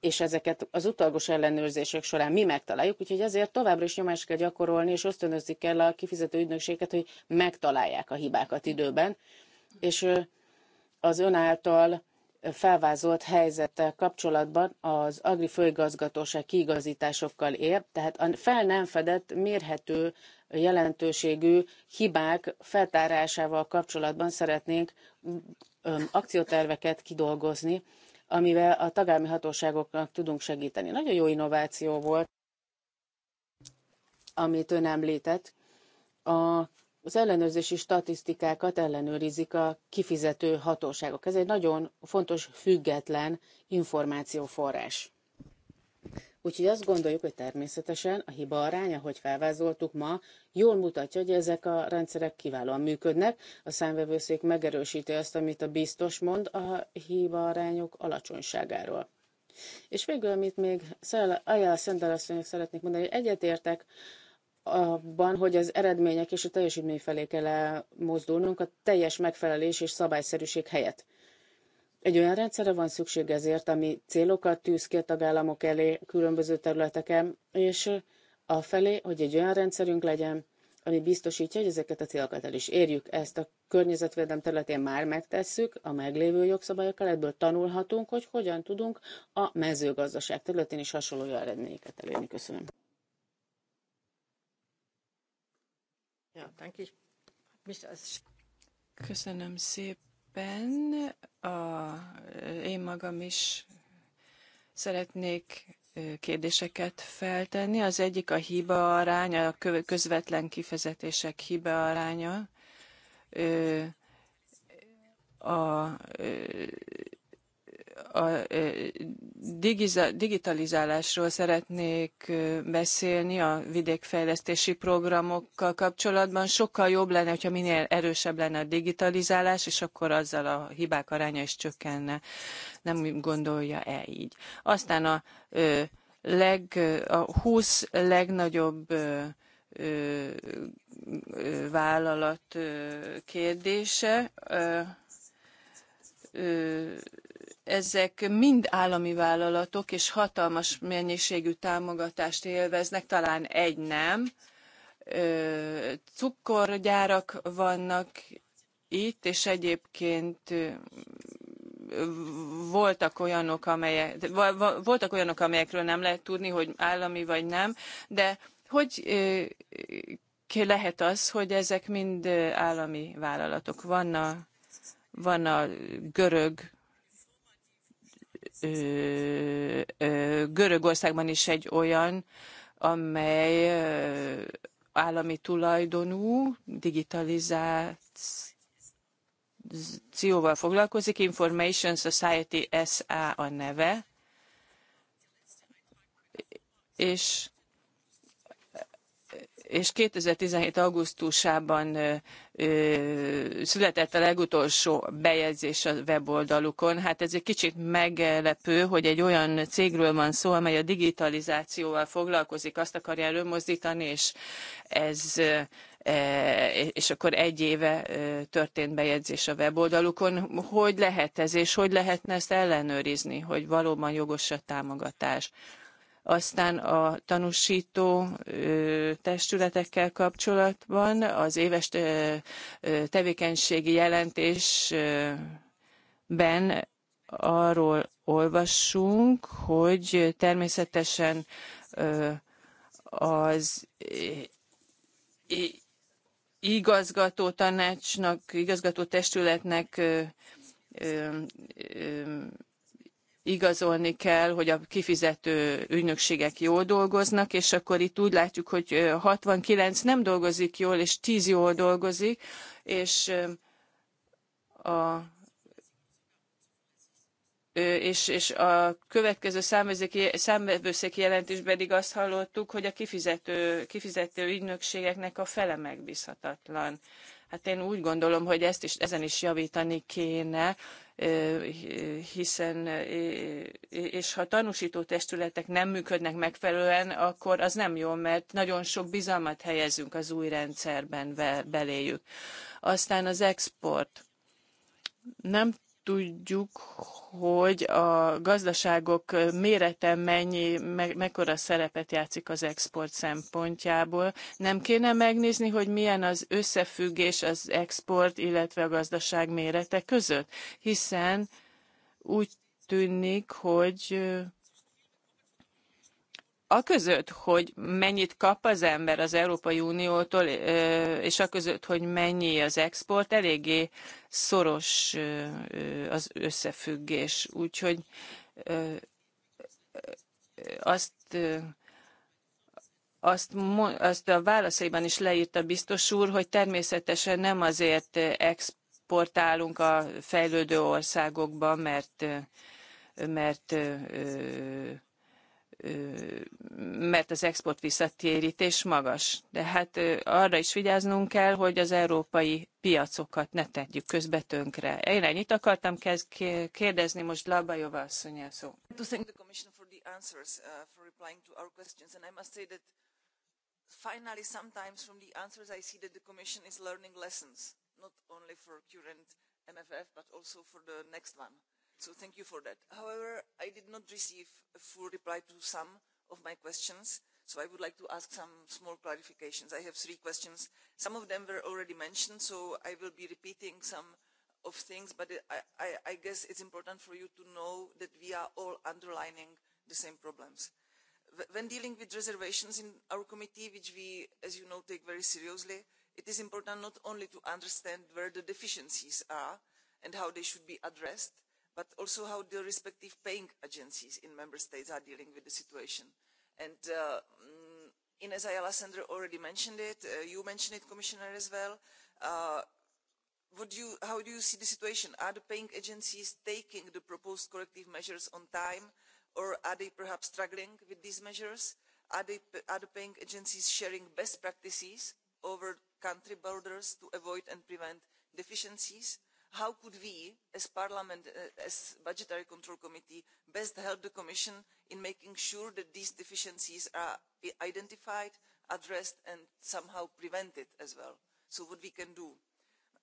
és ezeket az utolgos ellenőrzések során mi megtaláljuk, úgyhogy ezért továbbra is nyomást kell gyakorolni, és ösztönözni kell a kifizető ügynökséget, hogy megtalálják a hibákat időben, és az ön által felvázolt helyzettel kapcsolatban az Agri Főigazgatóság kiigazításokkal ér, tehát a fel nem fedett, mérhető jelentőségű hibák feltárásával kapcsolatban szeretnénk akcióterveket kidolgozni, amivel a tagállami hatóságoknak tudunk segíteni. Nagyon jó innováció volt, amit ön említett. A az ellenőrzési statisztikákat ellenőrizik a kifizető hatóságok. Ez egy nagyon fontos, független információforrás. Úgyhogy azt gondoljuk, hogy természetesen a hiba aránya, hogy felvázoltuk ma, jól mutatja, hogy ezek a rendszerek kiválóan működnek. A számvevőszék megerősíti azt, amit a biztos mond a hiba arányok alacsonyságáról. És végül, amit még Ajala Szendel asszonyok szeretnék mondani, hogy egyetértek abban, hogy az eredmények és a teljesítmény felé kell mozdulnunk a teljes megfelelés és szabályszerűség helyett. Egy olyan rendszerre van szükség ezért, ami célokat tűz ki a tagállamok elé a különböző területeken, és afelé, hogy egy olyan rendszerünk legyen, ami biztosítja, hogy ezeket a célokat el is érjük. Ezt a környezetvédelem területén már megtesszük, a meglévő jogszabályokkal ebből tanulhatunk, hogy hogyan tudunk a mezőgazdaság területén is hasonló eredményeket elérni. Köszönöm. Köszönöm szépen mindenképpen a, én magam is szeretnék kérdéseket feltenni. Az egyik a hiba aránya, a közvetlen kifezetések hiba aránya. A, a a digitalizálásról szeretnék beszélni a vidékfejlesztési programokkal kapcsolatban. Sokkal jobb lenne, hogyha minél erősebb lenne a digitalizálás, és akkor azzal a hibák aránya is csökkenne. Nem gondolja-e így? Aztán a, leg, a 20 legnagyobb vállalat kérdése ezek mind állami vállalatok, és hatalmas mennyiségű támogatást élveznek, talán egy nem. Cukorgyárak vannak itt, és egyébként voltak olyanok, amelyek, voltak olyanok, amelyekről nem lehet tudni, hogy állami vagy nem, de hogy lehet az, hogy ezek mind állami vállalatok? Van a, van a görög ö, ö, Görögországban is egy olyan, amely ö, állami tulajdonú, digitalizációval foglalkozik, Information Society SA a neve, és és 2017. augusztusában született a legutolsó bejegyzés a weboldalukon. Hát ez egy kicsit meglepő, hogy egy olyan cégről van szó, amely a digitalizációval foglalkozik, azt akarja előmozdítani, és ez e, és akkor egy éve történt bejegyzés a weboldalukon. Hogy lehet ez, és hogy lehetne ezt ellenőrizni, hogy valóban jogos a támogatás? aztán a tanúsító testületekkel kapcsolatban az éves tevékenységi jelentésben arról olvassunk, hogy természetesen az igazgató tanácsnak, igazgató testületnek igazolni kell, hogy a kifizető ügynökségek jól dolgoznak, és akkor itt úgy látjuk, hogy 69 nem dolgozik jól, és 10 jól dolgozik, és a és, és a következő számvevőszéki jelentésben pedig azt hallottuk, hogy a kifizető, kifizető ügynökségeknek a fele megbízhatatlan. Hát én úgy gondolom, hogy ezt is, ezen is javítani kéne, hiszen és ha tanúsító testületek nem működnek megfelelően, akkor az nem jó, mert nagyon sok bizalmat helyezünk az új rendszerben beléjük. Aztán az export. Nem tudjuk, hogy a gazdaságok mérete mennyi, me, mekkora szerepet játszik az export szempontjából. Nem kéne megnézni, hogy milyen az összefüggés az export, illetve a gazdaság mérete között, hiszen úgy tűnik, hogy a között, hogy mennyit kap az ember az Európai Uniótól, és a között, hogy mennyi az export, eléggé szoros az összefüggés. Úgyhogy azt azt, azt a válaszaiban is leírta biztos úr, hogy természetesen nem azért exportálunk a fejlődő országokba, mert, mert mert az export visszatérítés magas. De hát arra is vigyáznunk kell, hogy az európai piacokat ne tegyük közbe tönkre. Én ennyit akartam kérdezni, most Labajova szó. Uh, finally, sometimes from the answers I see that the Commission is learning lessons, not only for current MFF, but also for the next one So thank you for that. However, I did not receive a full reply to some of my questions, so I would like to ask some small clarifications. I have three questions. Some of them were already mentioned, so I will be repeating some of things, but I, I, I guess it's important for you to know that we are all underlining the same problems. When dealing with reservations in our committee, which we, as you know, take very seriously, it is important not only to understand where the deficiencies are and how they should be addressed, but also how the respective paying agencies in member states are dealing with the situation. And uh, mm, Ines Ayala Sender already mentioned it. Uh, you mentioned it, Commissioner, as well. Uh, what do you, how do you see the situation? Are the paying agencies taking the proposed corrective measures on time, or are they perhaps struggling with these measures? Are, they, are the paying agencies sharing best practices over country borders to avoid and prevent deficiencies? how could we as parliament uh, as budgetary control committee best help the commission in making sure that these deficiencies are identified addressed and somehow prevented as well so what we can do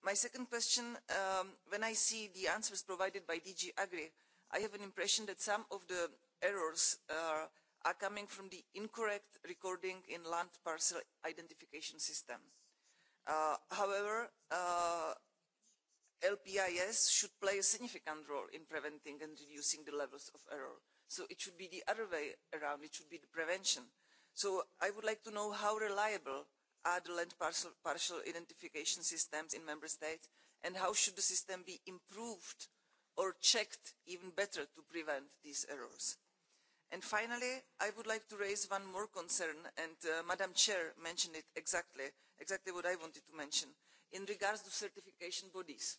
my second question um, when i see the answers provided by dg agri i have an impression that some of the errors uh, are coming from the incorrect recording in land parcel identification system. Uh, however, uh, LPIS should play a significant role in preventing and reducing the levels of error. So it should be the other way around. It should be the prevention. So I would like to know how reliable are the land parcel, partial identification systems in member states and how should the system be improved or checked even better to prevent these errors? And finally, I would like to raise one more concern, and uh, Madam Chair mentioned it exactly, exactly what I wanted to mention, in regards to certification bodies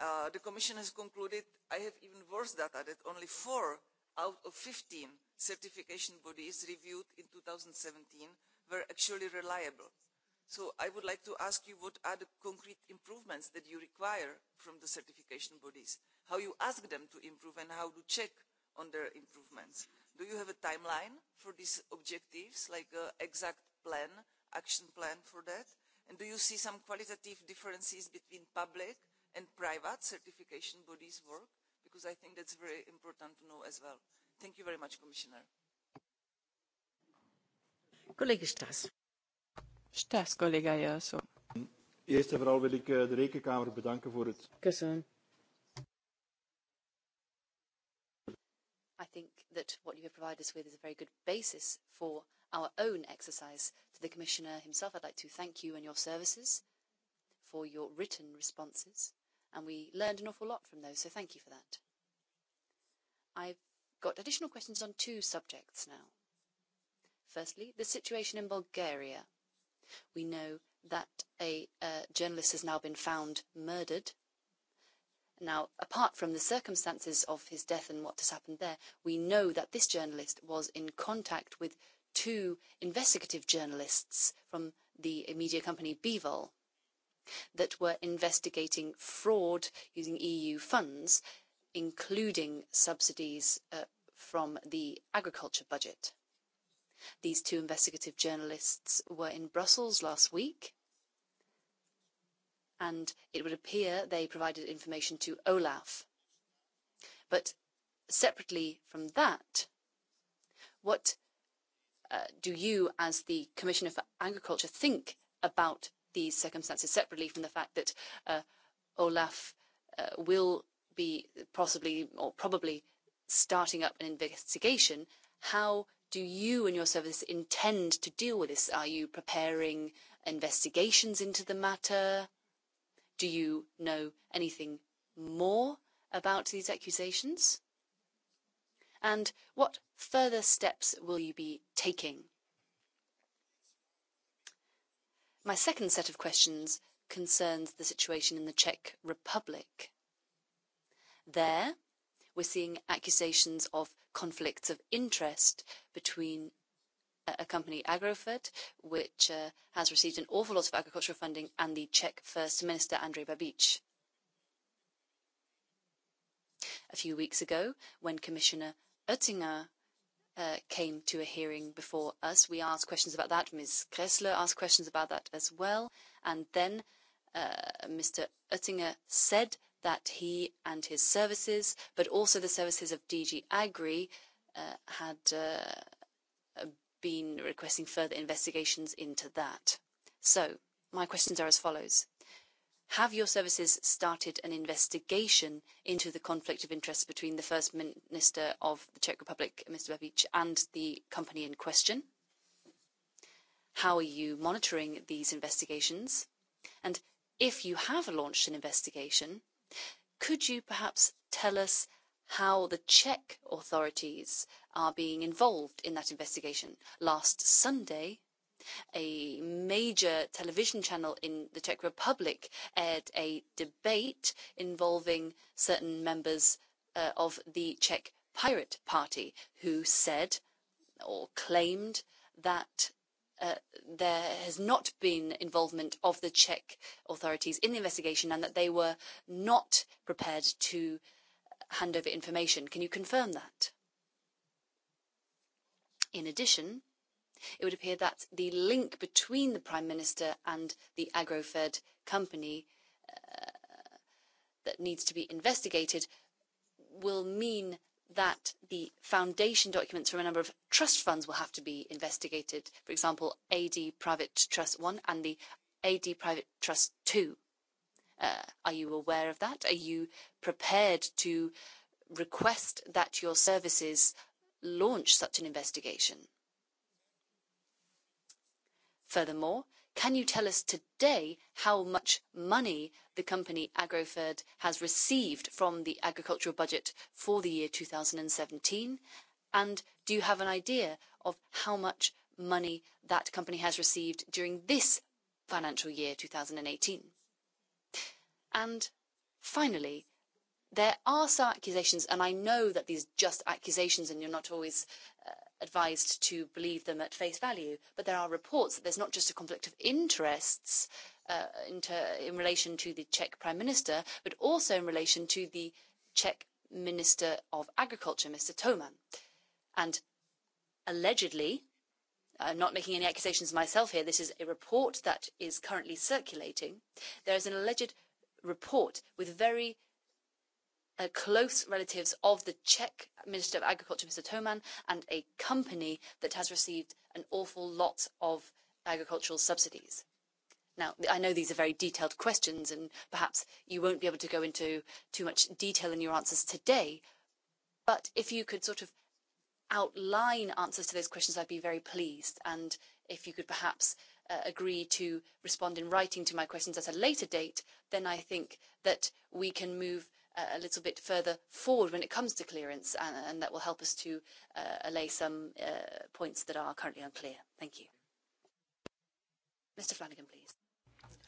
Uh, the Commission has concluded, I have even worse data, that only four out of 15 certification bodies reviewed in 2017 were actually reliable. So I would like to ask you what are the concrete improvements that you require from the certification bodies, how you ask them to improve and how to check on their improvements. Do you have a timeline for these objectives, like an exact plan, action plan for that? And do you see some qualitative differences between public and private certification bodies work? Because I think that's very important to know as well. Thank you very much, Commissioner. Collega Stas. Stas kollégája a szó. Eerst en vooral wil ik eh, de Rekenkamer bedanken voor het... Kussen. I think that what you have provided us with is a very good basis for our own exercise. To the Commissioner himself, I'd like to thank you and your services for your written responses and we learned an awful lot from those, so thank you for that. I've got additional questions on two subjects now. Firstly, the situation in Bulgaria. We know that a uh, journalist has now been found murdered. Now, apart from the circumstances of his death and what has happened there, we know that this journalist was in contact with two investigative journalists from the media company Beevol that were investigating fraud using EU funds, including subsidies uh, from the agriculture budget. These two investigative journalists were in Brussels last week, and it would appear they provided information to Olaf. But separately from that, what uh, do you, as the Commissioner for Agriculture, think about these circumstances separately from the fact that uh, Olaf uh, will be possibly or probably starting up an investigation. How do you and your service intend to deal with this? Are you preparing investigations into the matter? Do you know anything more about these accusations? And what further steps will you be taking? My second set of questions concerns the situation in the Czech Republic. There, we're seeing accusations of conflicts of interest between uh, a company, Agrofert, which uh, has received an awful lot of agricultural funding, and the Czech First Minister, Andrej Babic. A few weeks ago, when Commissioner Oettinger uh, came to a hearing before us. We asked questions about that. Ms. Kressler asked questions about that as well. And then uh, Mr. Oettinger said that he and his services, but also the services of DG Agri, uh, had uh, been requesting further investigations into that. So my questions are as follows. Have your services started an investigation into the conflict of interest between the First Minister of the Czech Republic, Mr. Babic, and the company in question? How are you monitoring these investigations? And if you have launched an investigation, could you perhaps tell us how the Czech authorities are being involved in that investigation? Last Sunday, a major television channel in the Czech Republic aired a debate involving certain members uh, of the Czech Pirate Party who said or claimed that uh, there has not been involvement of the Czech authorities in the investigation and that they were not prepared to hand over information. Can you confirm that? In addition, it would appear that the link between the Prime Minister and the AgroFed company uh, that needs to be investigated will mean that the foundation documents from a number of trust funds will have to be investigated. For example, AD Private Trust 1 and the AD Private Trust 2. Uh, are you aware of that? Are you prepared to request that your services launch such an investigation? Furthermore, can you tell us today how much money the company Agrofert has received from the agricultural budget for the year 2017? And do you have an idea of how much money that company has received during this financial year, 2018? And finally, there are some accusations, and I know that these just accusations, and you're not always uh, advised to believe them at face value. But there are reports that there's not just a conflict of interests uh, in relation to the Czech Prime Minister, but also in relation to the Czech Minister of Agriculture, Mr. Toman. And allegedly, I'm uh, not making any accusations myself here, this is a report that is currently circulating. There is an alleged report with very close relatives of the Czech Minister of Agriculture, Mr. Toman, and a company that has received an awful lot of agricultural subsidies. Now, I know these are very detailed questions, and perhaps you won't be able to go into too much detail in your answers today, but if you could sort of outline answers to those questions, I'd be very pleased. And if you could perhaps uh, agree to respond in writing to my questions at a later date, then I think that we can move a little bit further forward when it comes to clearance, and, uh, and that will help us to uh, allay some uh, points that are currently unclear. Thank you. Mr. Flanagan, please.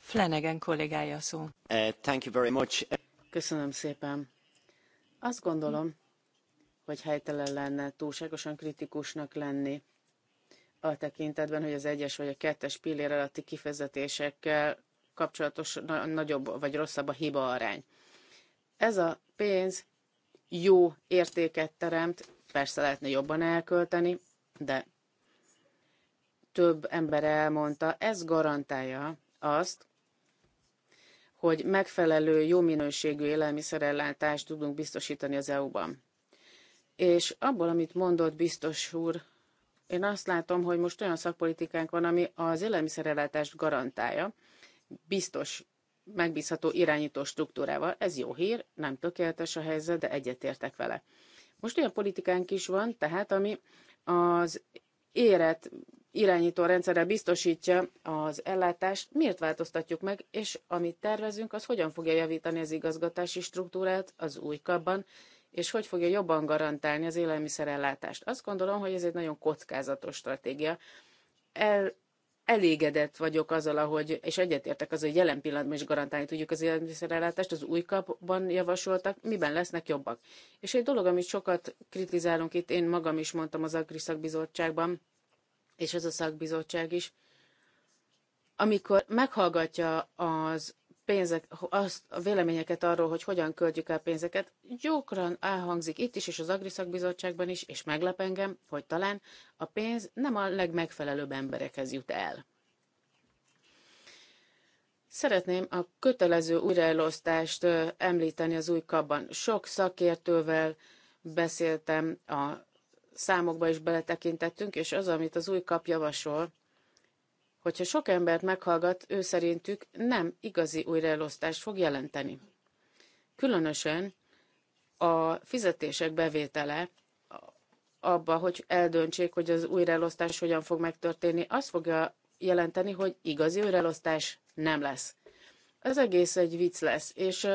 Flanagan kollégája szó. Uh, thank you very much. Köszönöm szépen. Azt gondolom, hogy helytelen lenne túlságosan kritikusnak lenni a tekintetben, hogy az egyes vagy a kettes pillér alatti kifezetésekkel kapcsolatos nagyobb vagy rosszabb a hiba arány. Ez a pénz jó értéket teremt, persze lehetne jobban elkölteni, de több ember elmondta, ez garantálja azt, hogy megfelelő, jó minőségű élelmiszerellátást tudunk biztosítani az EU-ban. És abból, amit mondott biztos úr, én azt látom, hogy most olyan szakpolitikánk van, ami az élelmiszerellátást garantálja, biztos megbízható irányító struktúrával. Ez jó hír, nem tökéletes a helyzet, de egyetértek vele. Most olyan politikánk is van, tehát ami az érett irányító rendszerre biztosítja az ellátást, miért változtatjuk meg, és amit tervezünk, az hogyan fogja javítani az igazgatási struktúrát az új kapban, és hogy fogja jobban garantálni az élelmiszerellátást. Azt gondolom, hogy ez egy nagyon kockázatos stratégia. El, elégedett vagyok azzal, ahogy, és egyetértek az, hogy jelen pillanatban is garantálni tudjuk az élelmiszerellátást, az új kapban javasoltak, miben lesznek jobbak. És egy dolog, amit sokat kritizálunk itt, én magam is mondtam az Agri szakbizottságban, és ez a szakbizottság is, amikor meghallgatja az pénzek, azt a véleményeket arról, hogy hogyan költjük el pénzeket, gyakran elhangzik itt is, és az Agriszak Bizottságban is, és meglep engem, hogy talán a pénz nem a legmegfelelőbb emberekhez jut el. Szeretném a kötelező újraelosztást említeni az új kabban. Sok szakértővel beszéltem, a számokba is beletekintettünk, és az, amit az új kap javasol, hogyha sok embert meghallgat, ő szerintük nem igazi újraelosztást fog jelenteni. Különösen a fizetések bevétele abba, hogy eldöntsék, hogy az újraelosztás hogyan fog megtörténni, az fogja jelenteni, hogy igazi újraelosztás nem lesz. Az egész egy vicc lesz, és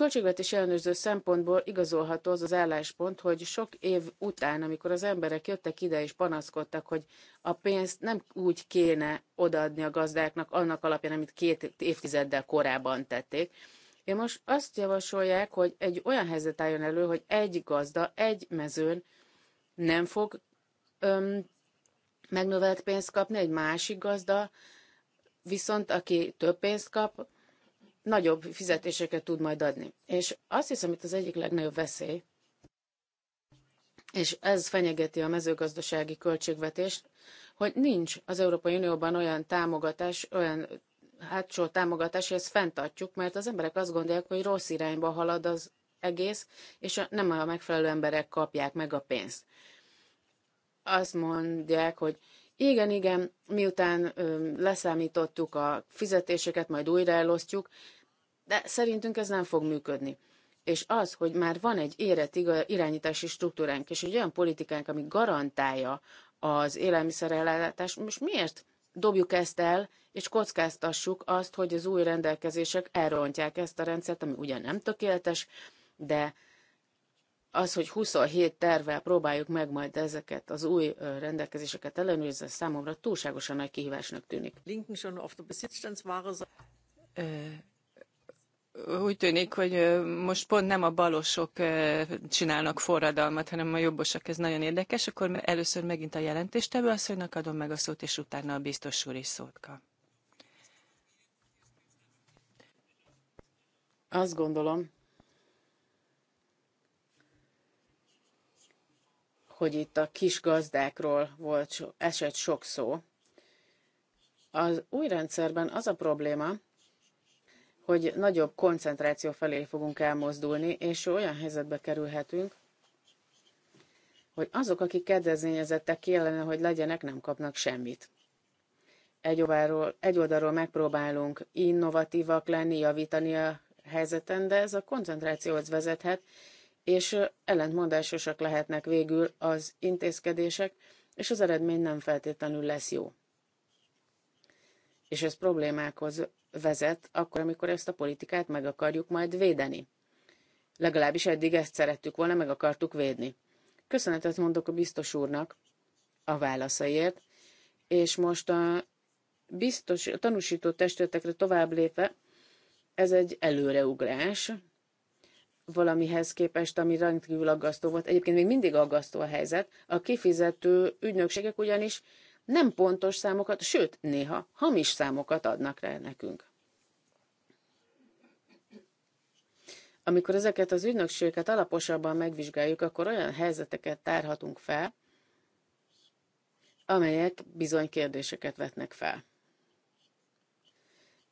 költségvetési ellenőrző szempontból igazolható az az álláspont, hogy sok év után, amikor az emberek jöttek ide és panaszkodtak, hogy a pénzt nem úgy kéne odaadni a gazdáknak annak alapján, amit két évtizeddel korábban tették, én most azt javasolják, hogy egy olyan helyzet álljon elő, hogy egy gazda egy mezőn nem fog öm, megnövelt pénzt kapni, egy másik gazda, viszont aki több pénzt kap, nagyobb fizetéseket tud majd adni. És azt hiszem, itt az egyik legnagyobb veszély, és ez fenyegeti a mezőgazdasági költségvetést, hogy nincs az Európai Unióban olyan támogatás, olyan hátsó támogatás, és ezt fenntartjuk, mert az emberek azt gondolják, hogy rossz irányba halad az egész, és nem a megfelelő emberek kapják meg a pénzt. Azt mondják, hogy igen, igen, miután leszámítottuk a fizetéseket, majd újra elosztjuk, de szerintünk ez nem fog működni. És az, hogy már van egy érett irányítási struktúránk, és egy olyan politikánk, ami garantálja az élelmiszerellátást, most miért dobjuk ezt el, és kockáztassuk azt, hogy az új rendelkezések elrontják ezt a rendszert, ami ugyan nem tökéletes, de az, hogy 27 tervvel próbáljuk meg majd ezeket az új rendelkezéseket ellenőrizni, számomra túlságosan nagy kihívásnak tűnik úgy tűnik, hogy most pont nem a balosok csinálnak forradalmat, hanem a jobbosak, ez nagyon érdekes. Akkor először megint a jelentéstevő asszonynak adom meg a szót, és utána a biztos úr is szót kap. Azt gondolom, hogy itt a kis gazdákról volt esett sok szó. Az új rendszerben az a probléma, hogy nagyobb koncentráció felé fogunk elmozdulni, és olyan helyzetbe kerülhetünk, hogy azok, akik kedvezményezettek kellene, hogy legyenek, nem kapnak semmit. Egy, oldalról, egy oldalról megpróbálunk innovatívak lenni, javítani a helyzeten, de ez a koncentrációhoz vezethet, és ellentmondásosak lehetnek végül az intézkedések, és az eredmény nem feltétlenül lesz jó. És ez problémákhoz vezet, akkor, amikor ezt a politikát meg akarjuk majd védeni. Legalábbis eddig ezt szerettük volna, meg akartuk védni. Köszönetet mondok a biztos úrnak a válaszaiért, és most a biztos, a tanúsító testületekre tovább lépve, ez egy előreugrás valamihez képest, ami rendkívül aggasztó volt. Egyébként még mindig aggasztó a helyzet. A kifizető ügynökségek ugyanis nem pontos számokat, sőt, néha hamis számokat adnak rá nekünk. Amikor ezeket az ügynökségeket alaposabban megvizsgáljuk, akkor olyan helyzeteket tárhatunk fel, amelyek bizony kérdéseket vetnek fel.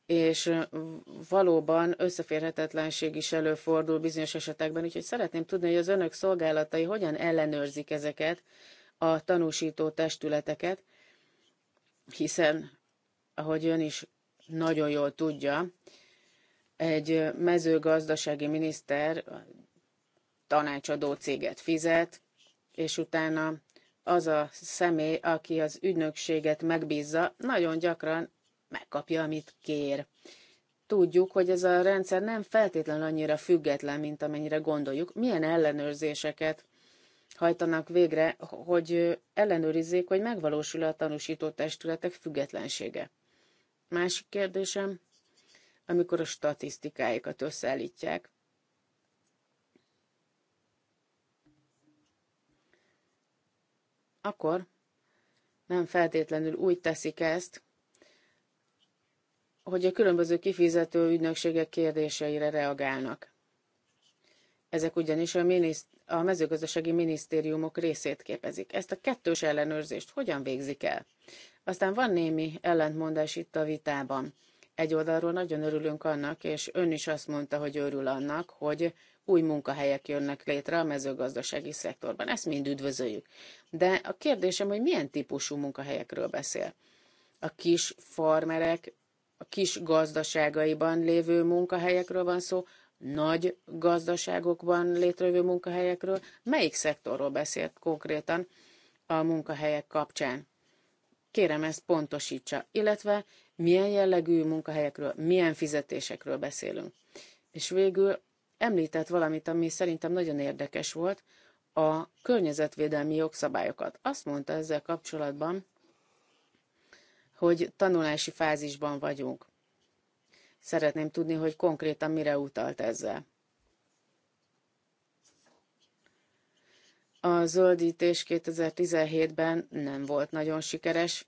És valóban összeférhetetlenség is előfordul bizonyos esetekben, úgyhogy szeretném tudni, hogy az önök szolgálatai hogyan ellenőrzik ezeket a tanúsító testületeket, hiszen, ahogy ön is nagyon jól tudja, egy mezőgazdasági miniszter tanácsadó céget fizet, és utána az a személy, aki az ügynökséget megbízza, nagyon gyakran megkapja, amit kér. Tudjuk, hogy ez a rendszer nem feltétlenül annyira független, mint amennyire gondoljuk. Milyen ellenőrzéseket hajtanak végre, hogy ellenőrizzék, hogy megvalósul a tanúsító testületek függetlensége. Másik kérdésem, amikor a statisztikáikat összeállítják, akkor nem feltétlenül úgy teszik ezt, hogy a különböző kifizető ügynökségek kérdéseire reagálnak. Ezek ugyanis a, miniszt- a mezőgazdasági minisztériumok részét képezik. Ezt a kettős ellenőrzést hogyan végzik el? Aztán van némi ellentmondás itt a vitában. Egy oldalról nagyon örülünk annak, és ön is azt mondta, hogy örül annak, hogy új munkahelyek jönnek létre a mezőgazdasági szektorban. Ezt mind üdvözöljük. De a kérdésem, hogy milyen típusú munkahelyekről beszél? A kis farmerek, a kis gazdaságaiban lévő munkahelyekről van szó, nagy gazdaságokban létrejövő munkahelyekről, melyik szektorról beszélt konkrétan a munkahelyek kapcsán. Kérem ezt pontosítsa, illetve milyen jellegű munkahelyekről, milyen fizetésekről beszélünk. És végül említett valamit, ami szerintem nagyon érdekes volt, a környezetvédelmi jogszabályokat. Azt mondta ezzel kapcsolatban, hogy tanulási fázisban vagyunk. Szeretném tudni, hogy konkrétan mire utalt ezzel. A zöldítés 2017-ben nem volt nagyon sikeres,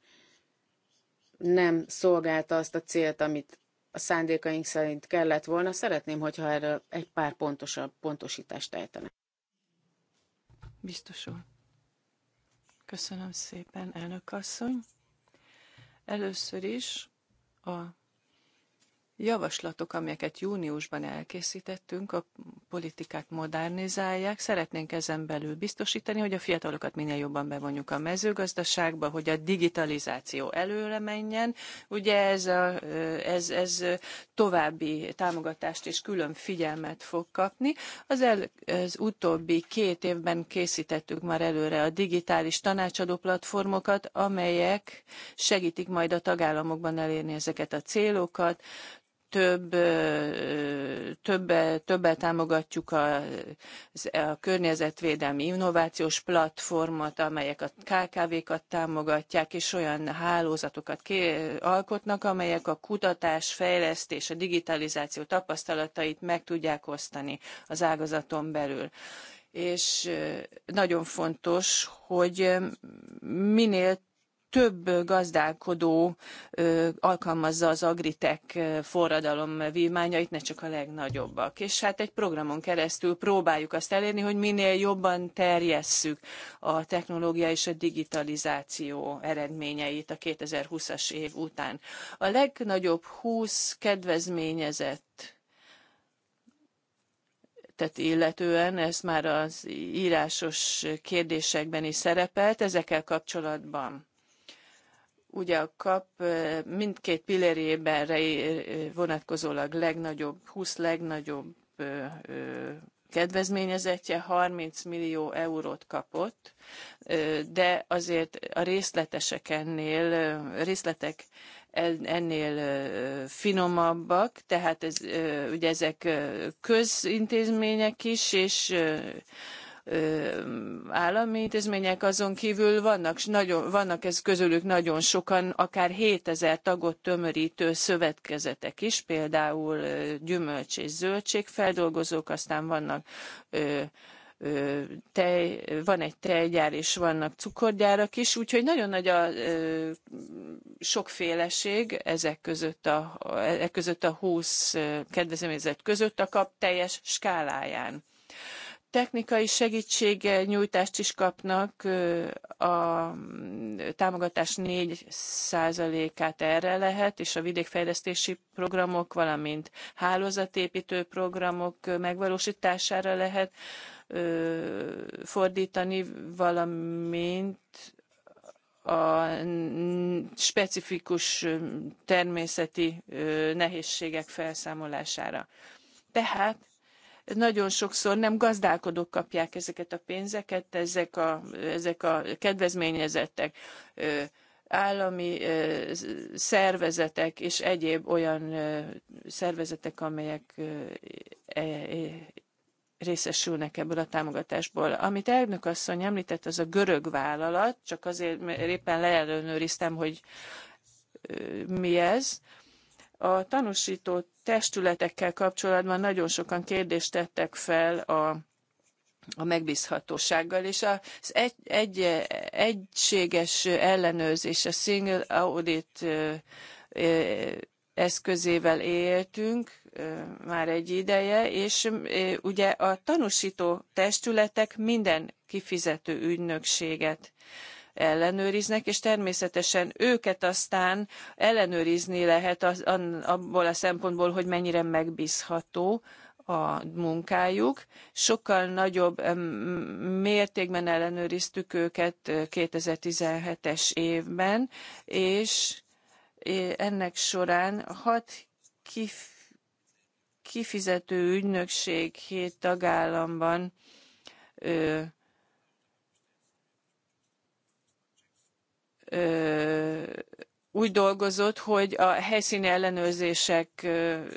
nem szolgálta azt a célt, amit a szándékaink szerint kellett volna. Szeretném, hogyha erről egy pár pontosabb pontosítást ejtene. Biztos úr. Köszönöm szépen, elnök asszony. Először is a javaslatok, amelyeket júniusban elkészítettünk, a politikát modernizálják. Szeretnénk ezen belül biztosítani, hogy a fiatalokat minél jobban bevonjuk a mezőgazdaságba, hogy a digitalizáció előre menjen. Ugye ez, a, ez, ez további támogatást és külön figyelmet fog kapni. Az, el, az utóbbi két évben készítettük már előre a digitális tanácsadó platformokat, amelyek segítik majd a tagállamokban elérni ezeket a célokat több, több, többel támogatjuk a, a környezetvédelmi innovációs platformot, amelyek a KKV-kat támogatják, és olyan hálózatokat ké, alkotnak, amelyek a kutatás, fejlesztés, a digitalizáció tapasztalatait meg tudják osztani az ágazaton belül és nagyon fontos, hogy minél több gazdálkodó alkalmazza az agritek forradalom vívmányait, ne csak a legnagyobbak. És hát egy programon keresztül próbáljuk azt elérni, hogy minél jobban terjesszük a technológia és a digitalizáció eredményeit a 2020-as év után. A legnagyobb 20 kedvezményezett illetően, ez már az írásos kérdésekben is szerepelt, ezekkel kapcsolatban ugye a kap mindkét pillérjében vonatkozólag legnagyobb, 20 legnagyobb kedvezményezettje 30 millió eurót kapott, de azért a részletesek ennél, részletek ennél finomabbak, tehát ez, ugye ezek közintézmények is, és állami intézmények, azon kívül vannak, nagyon, vannak ez közülük nagyon sokan, akár 7000 tagot tömörítő szövetkezetek is, például gyümölcs és zöldségfeldolgozók, aztán vannak ö, tej, van egy tejgyár és vannak cukorgyárak is, úgyhogy nagyon nagy a ö, sokféleség ezek között a, ezek között a 20 kedvezményezett között a kap teljes skáláján technikai nyújtást is kapnak, a támogatás 4%-át erre lehet, és a vidékfejlesztési programok, valamint hálózatépítő programok megvalósítására lehet fordítani, valamint a specifikus természeti nehézségek felszámolására. Tehát nagyon sokszor nem gazdálkodók kapják ezeket a pénzeket, ezek a, ezek a kedvezményezettek, állami szervezetek és egyéb olyan szervezetek, amelyek e, e, részesülnek ebből a támogatásból. Amit elnök asszony említett, az a görög vállalat, csak azért mert éppen leellenőriztem, hogy mi ez. A tanúsított testületekkel kapcsolatban nagyon sokan kérdést tettek fel a a megbízhatósággal, és az egy, egy, egységes ellenőrzés, a single audit eszközével éltünk már egy ideje, és ugye a tanúsító testületek minden kifizető ügynökséget ellenőriznek, és természetesen őket aztán ellenőrizni lehet az, abból a szempontból, hogy mennyire megbízható a munkájuk. Sokkal nagyobb mértékben ellenőriztük őket 2017-es évben, és ennek során hat kif kifizető ügynökség hét tagállamban ö, úgy dolgozott, hogy a helyszíni ellenőrzések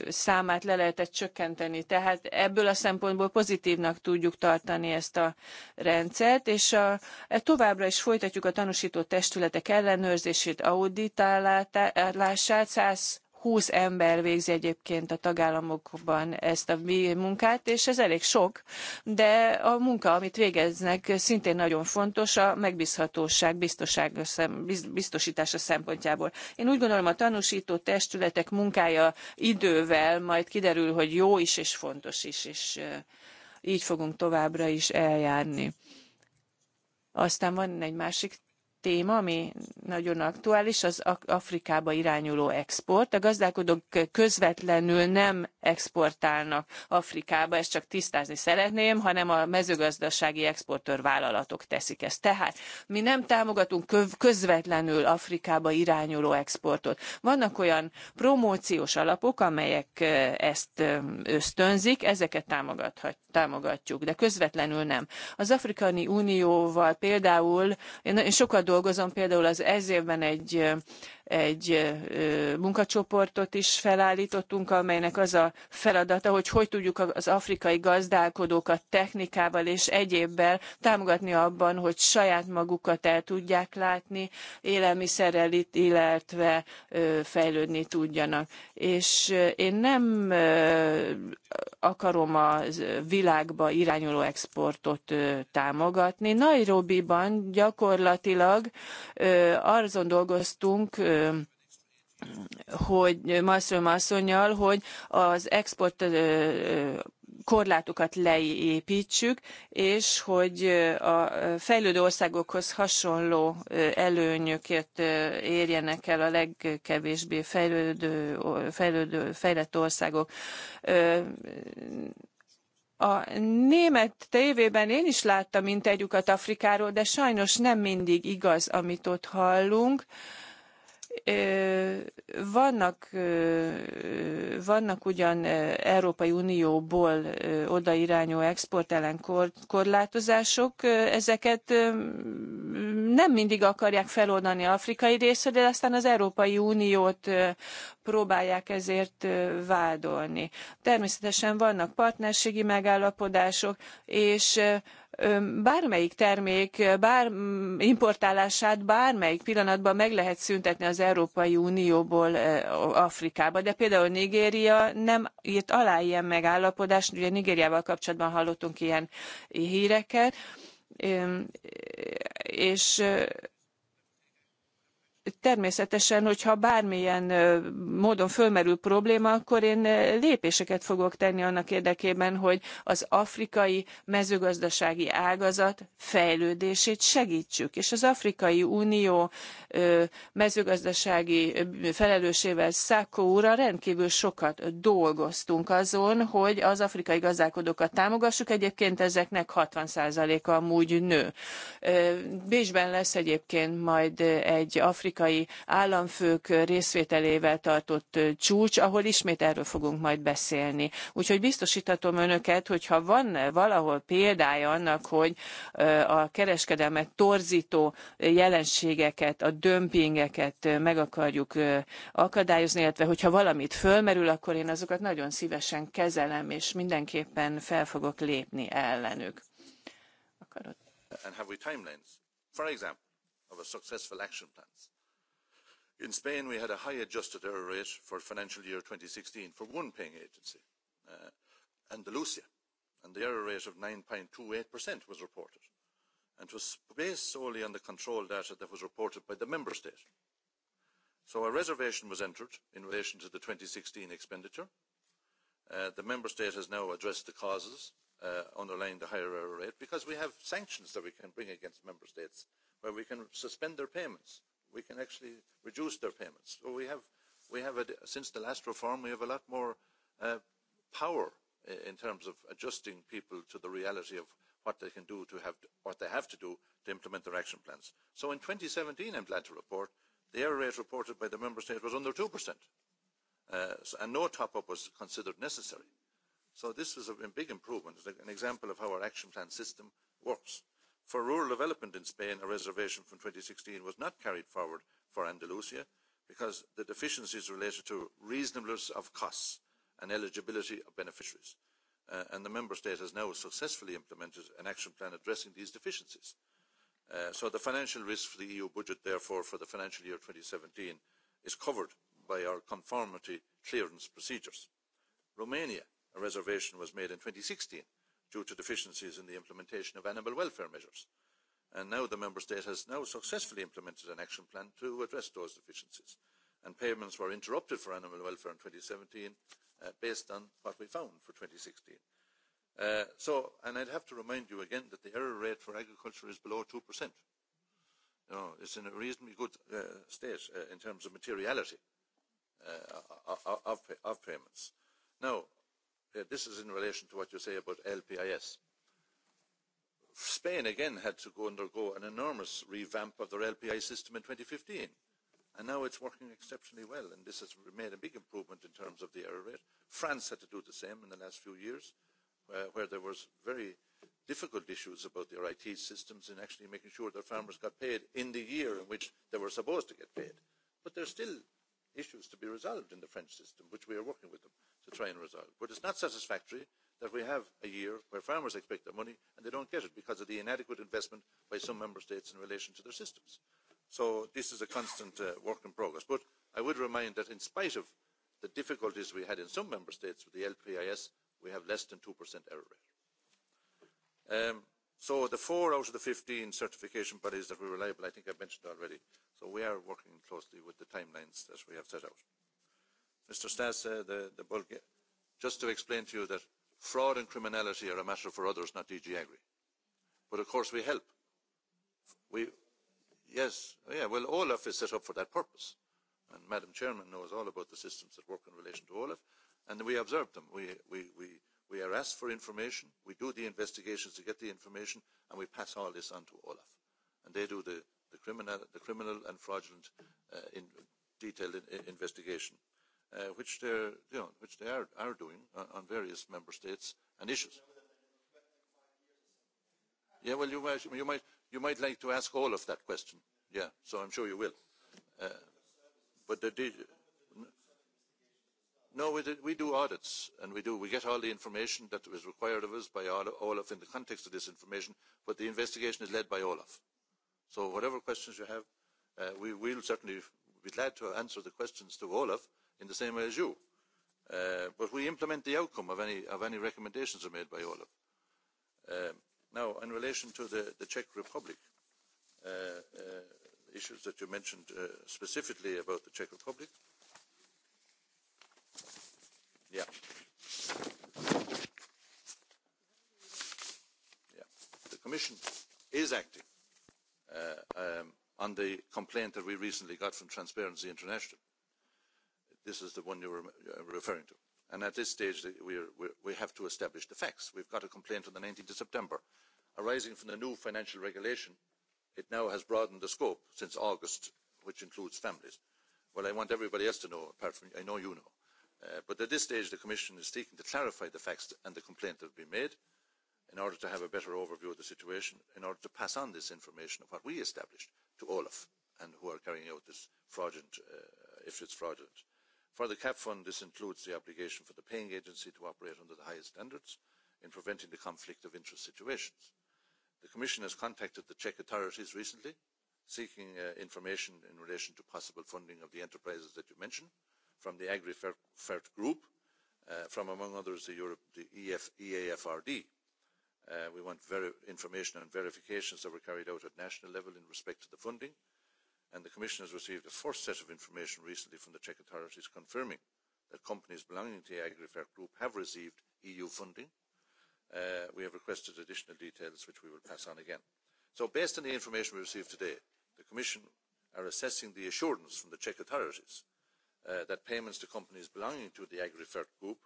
számát le lehetett csökkenteni. Tehát ebből a szempontból pozitívnak tudjuk tartani ezt a rendszert, és a, e továbbra is folytatjuk a tanúsított testületek ellenőrzését, auditálását. 100 20 ember végzi egyébként a tagállamokban ezt a munkát, és ez elég sok, de a munka, amit végeznek, szintén nagyon fontos a megbízhatóság biztoság, biztosítása szempontjából. Én úgy gondolom, a tanúsító testületek munkája idővel majd kiderül, hogy jó is és fontos is, és így fogunk továbbra is eljárni. Aztán van egy másik téma, ami nagyon aktuális, az Afrikába irányuló export. A gazdálkodók közvetlenül nem exportálnak Afrikába, ezt csak tisztázni szeretném, hanem a mezőgazdasági exportőr vállalatok teszik ezt. Tehát mi nem támogatunk közvetlenül Afrikába irányuló exportot. Vannak olyan promóciós alapok, amelyek ezt ösztönzik, ezeket támogathat, támogatjuk, de közvetlenül nem. Az Afrikai Unióval például én sokat dolgozom, például az ez évben egy egy munkacsoportot is felállítottunk, amelynek az a feladata, hogy hogy tudjuk az afrikai gazdálkodókat technikával és egyébbel támogatni abban, hogy saját magukat el tudják látni, élelmiszerrel, illetve fejlődni tudjanak. És én nem akarom a világba irányuló exportot támogatni. Nairobiban gyakorlatilag azon dolgoztunk, hogy Malmström asszonyjal, hogy az export korlátokat leépítsük, és hogy a fejlődő országokhoz hasonló előnyöket érjenek el a legkevésbé fejlődő, fejlődő fejlett országok. A német tévében én is láttam interjúkat Afrikáról, de sajnos nem mindig igaz, amit ott hallunk vannak, vannak ugyan Európai Unióból odairányú export ellen korlátozások, ezeket nem mindig akarják feloldani afrikai részre, de aztán az Európai Uniót próbálják ezért vádolni. Természetesen vannak partnerségi megállapodások, és bármelyik termék bár mm, importálását bármelyik pillanatban meg lehet szüntetni az Európai Unióból Afrikába. De például Nigéria nem írt alá ilyen megállapodást, ugye Nigériával kapcsolatban hallottunk ilyen híreket, és természetesen, hogyha bármilyen módon fölmerül probléma, akkor én lépéseket fogok tenni annak érdekében, hogy az afrikai mezőgazdasági ágazat fejlődését segítsük. És az Afrikai Unió mezőgazdasági felelősével Szákó úrral rendkívül sokat dolgoztunk azon, hogy az afrikai gazdálkodókat támogassuk. Egyébként ezeknek 60%-a amúgy nő. Bécsben lesz egyébként majd egy afrikai afrikai államfők részvételével tartott csúcs, ahol ismét erről fogunk majd beszélni. Úgyhogy biztosítatom önöket, hogy ha van valahol példája annak, hogy a kereskedelmet torzító jelenségeket, a dömpingeket meg akarjuk akadályozni, illetve hogyha valamit fölmerül, akkor én azokat nagyon szívesen kezelem, és mindenképpen fel fogok lépni ellenük. Akarod? And have we timelines? For example, of a successful action plans In Spain, we had a high adjusted error rate for financial year 2016 for one paying agency, uh, Andalusia, and the error rate of 9.28% was reported, and was based solely on the control data that was reported by the member state. So a reservation was entered in relation to the 2016 expenditure. Uh, the member state has now addressed the causes uh, underlying the higher error rate because we have sanctions that we can bring against member states where we can suspend their payments we can actually reduce their payments. So we have, we have a, since the last reform, we have a lot more uh, power in terms of adjusting people to the reality of what they can do to have to, what they have to do to implement their action plans. So in 2017, I'm glad to report, the error rate reported by the member states was under 2%, uh, so, and no top-up was considered necessary. So this was a big improvement, an example of how our action plan system works. For rural development in Spain, a reservation from 2016 was not carried forward for Andalusia because the deficiencies related to reasonableness of costs and eligibility of beneficiaries. Uh, and the member state has now successfully implemented an action plan addressing these deficiencies. Uh, so the financial risk for the EU budget, therefore, for the financial year 2017 is covered by our conformity clearance procedures. Romania, a reservation was made in 2016 due to deficiencies in the implementation of animal welfare measures. And now the Member State has now successfully implemented an action plan to address those deficiencies. And payments were interrupted for animal welfare in 2017 uh, based on what we found for 2016. Uh, so, and I'd have to remind you again that the error rate for agriculture is below 2%. You know, it's in a reasonably good uh, state uh, in terms of materiality uh, of, of, of payments. Now, Uh, this is in relation to what you say about LPIS. Spain again had to go undergo an enormous revamp of their LPI system in 2015. And now it's working exceptionally well, and this has made a big improvement in terms of the error rate. France had to do the same in the last few years, uh, where there was very difficult issues about their IT systems and actually making sure that farmers got paid in the year in which they were supposed to get paid. But there's still issues to be resolved in the French system, which we are working with them try and resolve. But it's not satisfactory that we have a year where farmers expect their money and they don't get it because of the inadequate investment by some member states in relation to their systems. So this is a constant uh, work in progress. But I would remind that in spite of the difficulties we had in some member states with the LPIS, we have less than 2% error rate. Um, so the four out of the 15 certification bodies that were reliable, I think I mentioned already. So we are working closely with the timelines that we have set out mr staes uh, the, the just to explain to you that fraud and criminality are a matter for others not dg e agri but of course we help we yes yeah well olaf is set up for that purpose and madam chairman knows all about the systems that work in relation to olaf and we observe them we we we we are asked for information we do the investigations to get the information and we pass all this on to olaf and they do the the criminal the criminal and fraudulent uh, in detailed in, in investigation uh, which, they're, you know, which they are, are doing on, uh, on various member states and issues. Yeah, well, you might, you, might, you might like to ask all of that question. Yeah, so I'm sure you will. Uh, but the, the, no, we, did, we do audits, and we do. We get all the information that is required of us by Olaf in the context of this information, but the investigation is led by Olaf. So whatever questions you have, uh, we will certainly be glad to answer the questions to Olaf, in the same way as you. Uh, but we implement the outcome of any, of any recommendations are made by Olaf. Uh, now, in relation to the, the Czech Republic, uh, uh, issues that you mentioned uh, specifically about the Czech Republic. Yeah. Yeah. The Commission is acting uh, um, on the complaint that we recently got from Transparency International This is the one you were uh, referring to. And at this stage, we, are, we have to establish the facts. We've got a complaint on the 19th of September arising from the new financial regulation. It now has broadened the scope since August, which includes families. Well, I want everybody else to know, apart from I know you know. Uh, but at this stage, the Commission is seeking to clarify the facts and the complaint that have been made in order to have a better overview of the situation, in order to pass on this information of what we established to Olaf and who are carrying out this fraudulent, uh, if it's fraudulent, for the cap fund this includes the obligation for the paying agency to operate under the highest standards in preventing the conflict of interest situations. the commission has contacted the czech authorities recently seeking uh, information in relation to possible funding of the enterprises that you mentioned from the agri fert group uh, from among others the, Europe, the EF, eafrd. Uh, we want information and verifications that were carried out at national level in respect to the funding and the commission has received a first set of information recently from the czech authorities confirming that companies belonging to the agrifair group have received eu funding. Uh, we have requested additional details which we will pass on again. so based on the information we received today the commission are assessing the assurance from the czech authorities uh, that payments to companies belonging to the agrifair group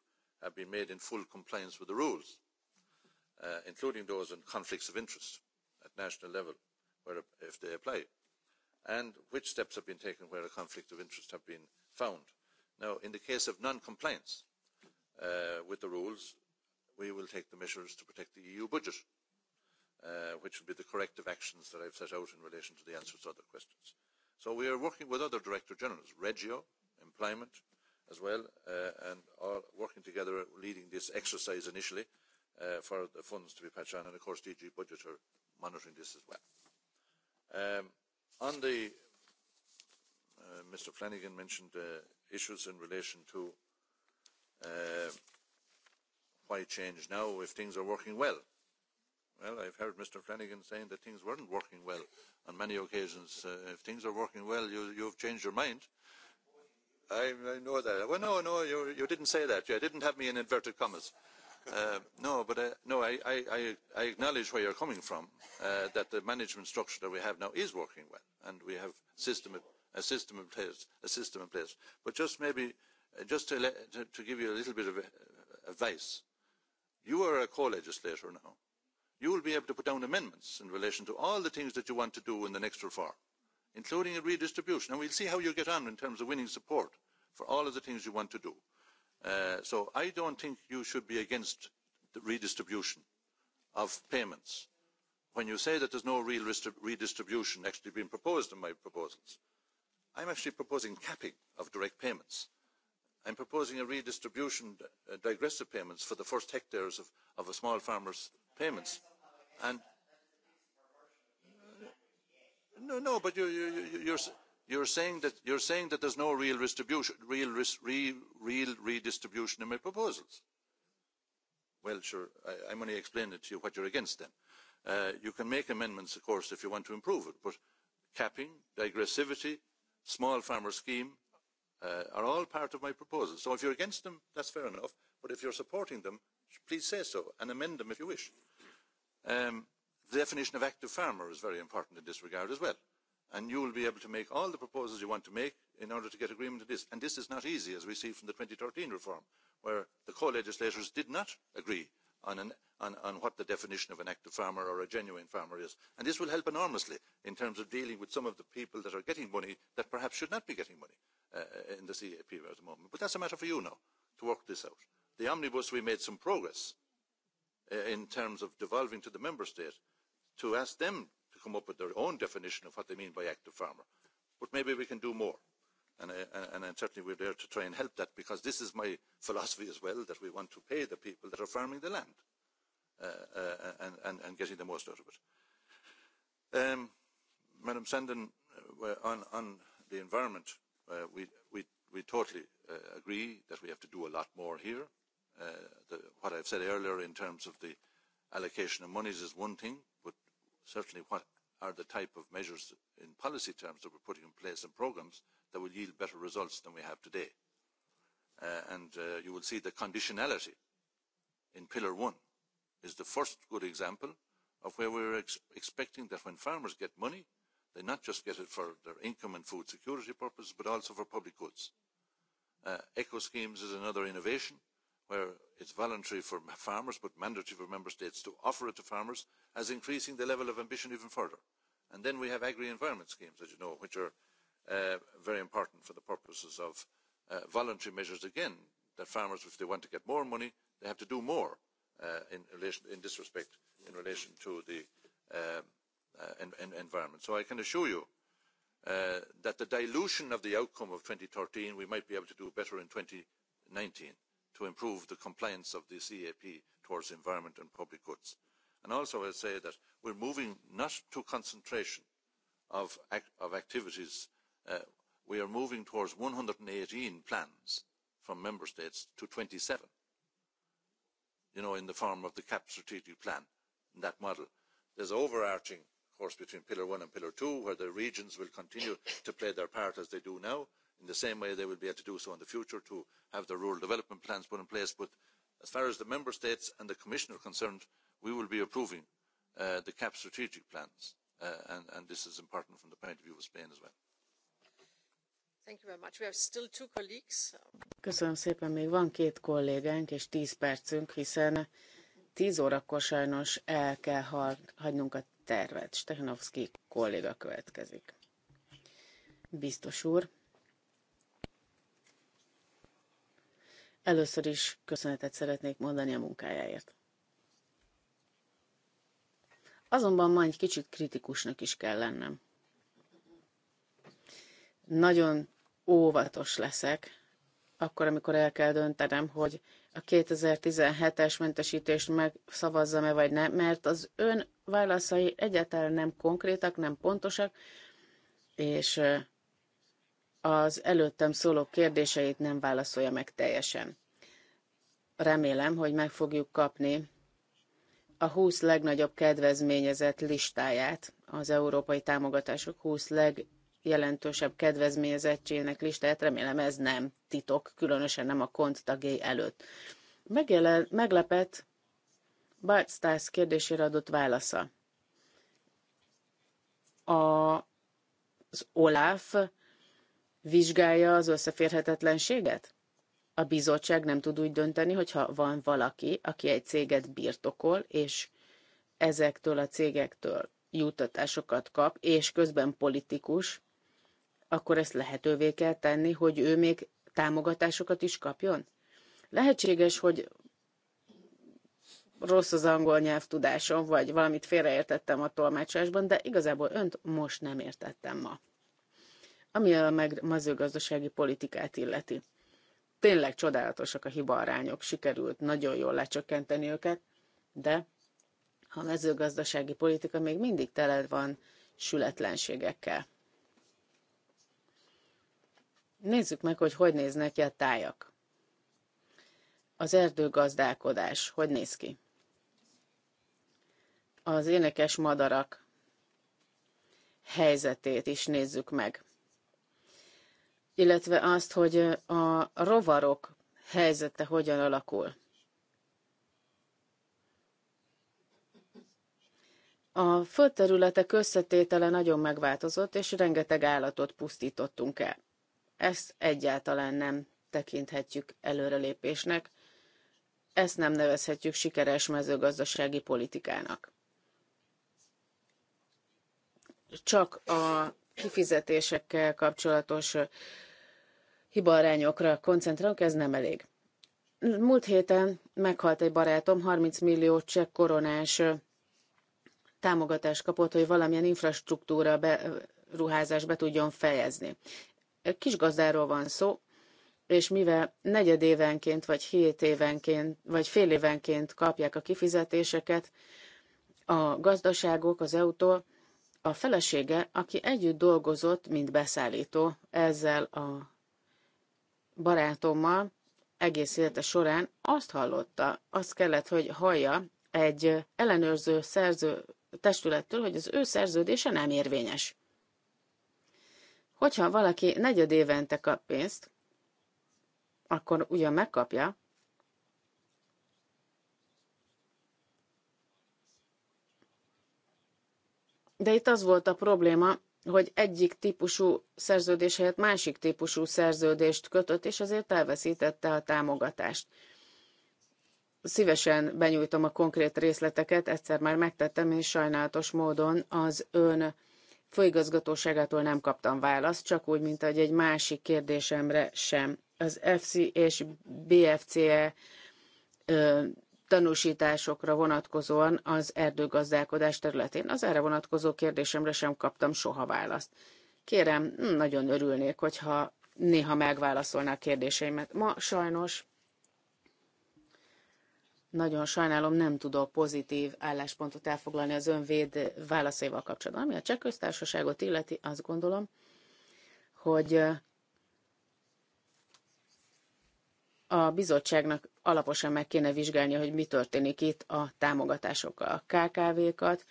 have been made in full compliance with the rules uh, including those on conflicts of interest at national level where if they apply Uh, and which steps have been taken where a conflict of interest has been found. Now, in the case of non-compliance uh, with the rules, we will take the measures to protect the EU budget, uh, which will be the corrective actions that I've set out in relation to the answers to other questions. So we are working with other Director Generals, Regio, Employment as well, uh, and are working together leading this exercise initially uh, for the funds to be patched on, and of course DG Budget are monitoring this as well. Um, On the, uh, Mr. Flanagan mentioned uh, issues in relation to uh, why change now if things are working well. Well, I've heard Mr. Flanagan saying that things weren't working well on many occasions. Uh, if things are working well, you, you've changed your mind. I, I know that. Well, no, no, you, you didn't say that. You didn't have me in inverted commas. Uh, Uh, no, but uh, no, I, I, I acknowledge where you're coming from, uh, that the management structure that we have now is working well, and we have system, a system in place, a system in place. But just maybe, uh, just to, let, to, to give you a little bit of uh, advice, you are a co-legislator now. You will be able to put down amendments in relation to all the things that you want to do in the next reform, including a redistribution. And we'll see how you get on in terms of winning support for all of the things you want to do. Uh, so I don't think you should be against the redistribution of payments. When you say that there's no real redistribution actually being proposed in my proposals, I'm actually proposing capping of direct payments. I'm proposing a redistribution uh, digressive payments for the first hectares of, of a small farmer's payments. And uh, no, no, but you, you, you, you're you're saying that there's no real redistribution, real, real redistribution in my proposals. Well, sure, I, I'm only explaining it to you what you're against then. Uh, you can make amendments, of course, if you want to improve it, but capping, digressivity, small farmer scheme uh, are all part of my proposals. So if you're against them, that's fair enough, but if you're supporting them, please say so and amend them if you wish. Um, the definition of active farmer is very important in this regard as well and you will be able to make all the proposals you want to make in order to get agreement on this. And this is not easy, as we see from the two thousand and thirteen reform, where the co-legislators did not agree on, an, on, on what the definition of an active farmer or a genuine farmer is. And this will help enormously in terms of dealing with some of the people that are getting money that perhaps should not be getting money uh, in the CAP at the moment. But that's a matter for you now to work this out. The omnibus, we made some progress uh, in terms of devolving to the member state to ask them to come up with their own definition of what they mean by active farmer. But maybe we can do more. And, uh, and, and certainly we're there to try and help that because this is my philosophy as well, that we want to pay the people that are farming the land uh, uh, and, and, and getting the most out of it. Um, Madam Sandon, uh, on, on the environment, uh, we, we, we totally uh, agree that we have to do a lot more here. Uh, the, what I've said earlier in terms of the allocation of monies is one thing, but certainly what are the type of measures in policy terms that we're putting in place and programs that will yield better results than we have today. Uh, and uh, you will see the conditionality in pillar one is the first good example of where we're ex- expecting that when farmers get money, they not just get it for their income and food security purposes, but also for public goods. Uh, eco schemes is another innovation where it's voluntary for farmers but mandatory for member states to offer it to farmers as increasing the level of ambition even further. And then we have agri-environment schemes, as you know, which are uh, very important for the purposes of uh, voluntary measures again, that farmers, if they want to get more money, they have to do more uh, in, relation, in this respect in relation to the uh, uh, en- en- environment. So I can assure you uh, that the dilution of the outcome of 2013, we might be able to do better in 2019 to improve the compliance of this EAP towards environment and public goods. And also I say that we're moving not to concentration of, act, of activities. Uh, we are moving towards 118 plans from member states to 27, you know, in the form of the CAP strategic plan, in that model. There's overarching, of course, between Pillar 1 and Pillar 2, where the regions will continue to play their part as they do now, in the same way they will be able to do so in the future to have their rural development plans put in place. But as far as the member states and the commission are concerned, we will be approving uh, the CAP strategic plans, uh, and, and this is important from the point of view of Spain as well. Thank you very much. We have still two colleagues. Köszönöm szépen, még van két kollégánk és tíz percünk, hiszen tíz órakor sajnos el kell hagynunk a tervet. Stehanovszki kolléga következik. Biztos úr, Először is köszönetet szeretnék mondani a munkájáért. Azonban ma egy kicsit kritikusnak is kell lennem. Nagyon óvatos leszek, akkor, amikor el kell döntenem, hogy a 2017-es mentesítést megszavazzam-e vagy nem, mert az ön válaszai egyáltalán nem konkrétak, nem pontosak, és az előttem szóló kérdéseit nem válaszolja meg teljesen. Remélem, hogy meg fogjuk kapni a 20 legnagyobb kedvezményezett listáját, az európai támogatások 20 legjelentősebb kedvezményezettjének listáját. Remélem ez nem titok, különösen nem a kont tagjai előtt. Megjelen, meglepett Bart Stas kérdésére adott válasza. A, az Olaf vizsgálja az összeférhetetlenséget? A bizottság nem tud úgy dönteni, hogyha van valaki, aki egy céget birtokol, és ezektől a cégektől juttatásokat kap, és közben politikus, akkor ezt lehetővé kell tenni, hogy ő még támogatásokat is kapjon? Lehetséges, hogy rossz az angol nyelvtudásom, vagy valamit félreértettem a tolmácsásban, de igazából önt most nem értettem ma ami a mezőgazdasági politikát illeti. Tényleg csodálatosak a hibaarányok, sikerült nagyon jól lecsökkenteni őket, de a mezőgazdasági politika még mindig tele van sületlenségekkel. Nézzük meg, hogy hogy néznek ki a tájak. Az erdőgazdálkodás hogy néz ki? Az énekes madarak helyzetét is nézzük meg illetve azt, hogy a rovarok helyzete hogyan alakul. A földterületek összetétele nagyon megváltozott, és rengeteg állatot pusztítottunk el. Ezt egyáltalán nem tekinthetjük előrelépésnek, ezt nem nevezhetjük sikeres mezőgazdasági politikának. Csak a kifizetésekkel kapcsolatos hibarányokra koncentrálunk, ez nem elég. Múlt héten meghalt egy barátom, 30 millió csekk koronás támogatást kapott, hogy valamilyen infrastruktúra beruházás be tudjon fejezni. Kis gazdáról van szó, és mivel negyed évenként, vagy hét évenként, vagy fél évenként kapják a kifizetéseket, a gazdaságok az eu a felesége, aki együtt dolgozott, mint beszállító ezzel a barátommal egész élete során azt hallotta, azt kellett, hogy hallja egy ellenőrző szerző testülettől, hogy az ő szerződése nem érvényes. Hogyha valaki negyed évente kap pénzt, akkor ugyan megkapja, de itt az volt a probléma, hogy egyik típusú szerződés helyett másik típusú szerződést kötött, és ezért elveszítette a támogatást. Szívesen benyújtom a konkrét részleteket, egyszer már megtettem, és sajnálatos módon az ön főigazgatóságától nem kaptam választ, csak úgy, mint egy másik kérdésemre sem. Az FC és BFCE tanúsításokra vonatkozóan az erdőgazdálkodás területén. Az erre vonatkozó kérdésemre sem kaptam soha választ. Kérem, hm, nagyon örülnék, hogyha néha megválaszolná a kérdéseimet. Ma sajnos nagyon sajnálom, nem tudok pozitív álláspontot elfoglalni az önvéd válaszaival kapcsolatban. Ami a cseh köztársaságot illeti, azt gondolom, hogy a bizottságnak alaposan meg kéne vizsgálni, hogy mi történik itt a támogatásokkal. A KKV-kat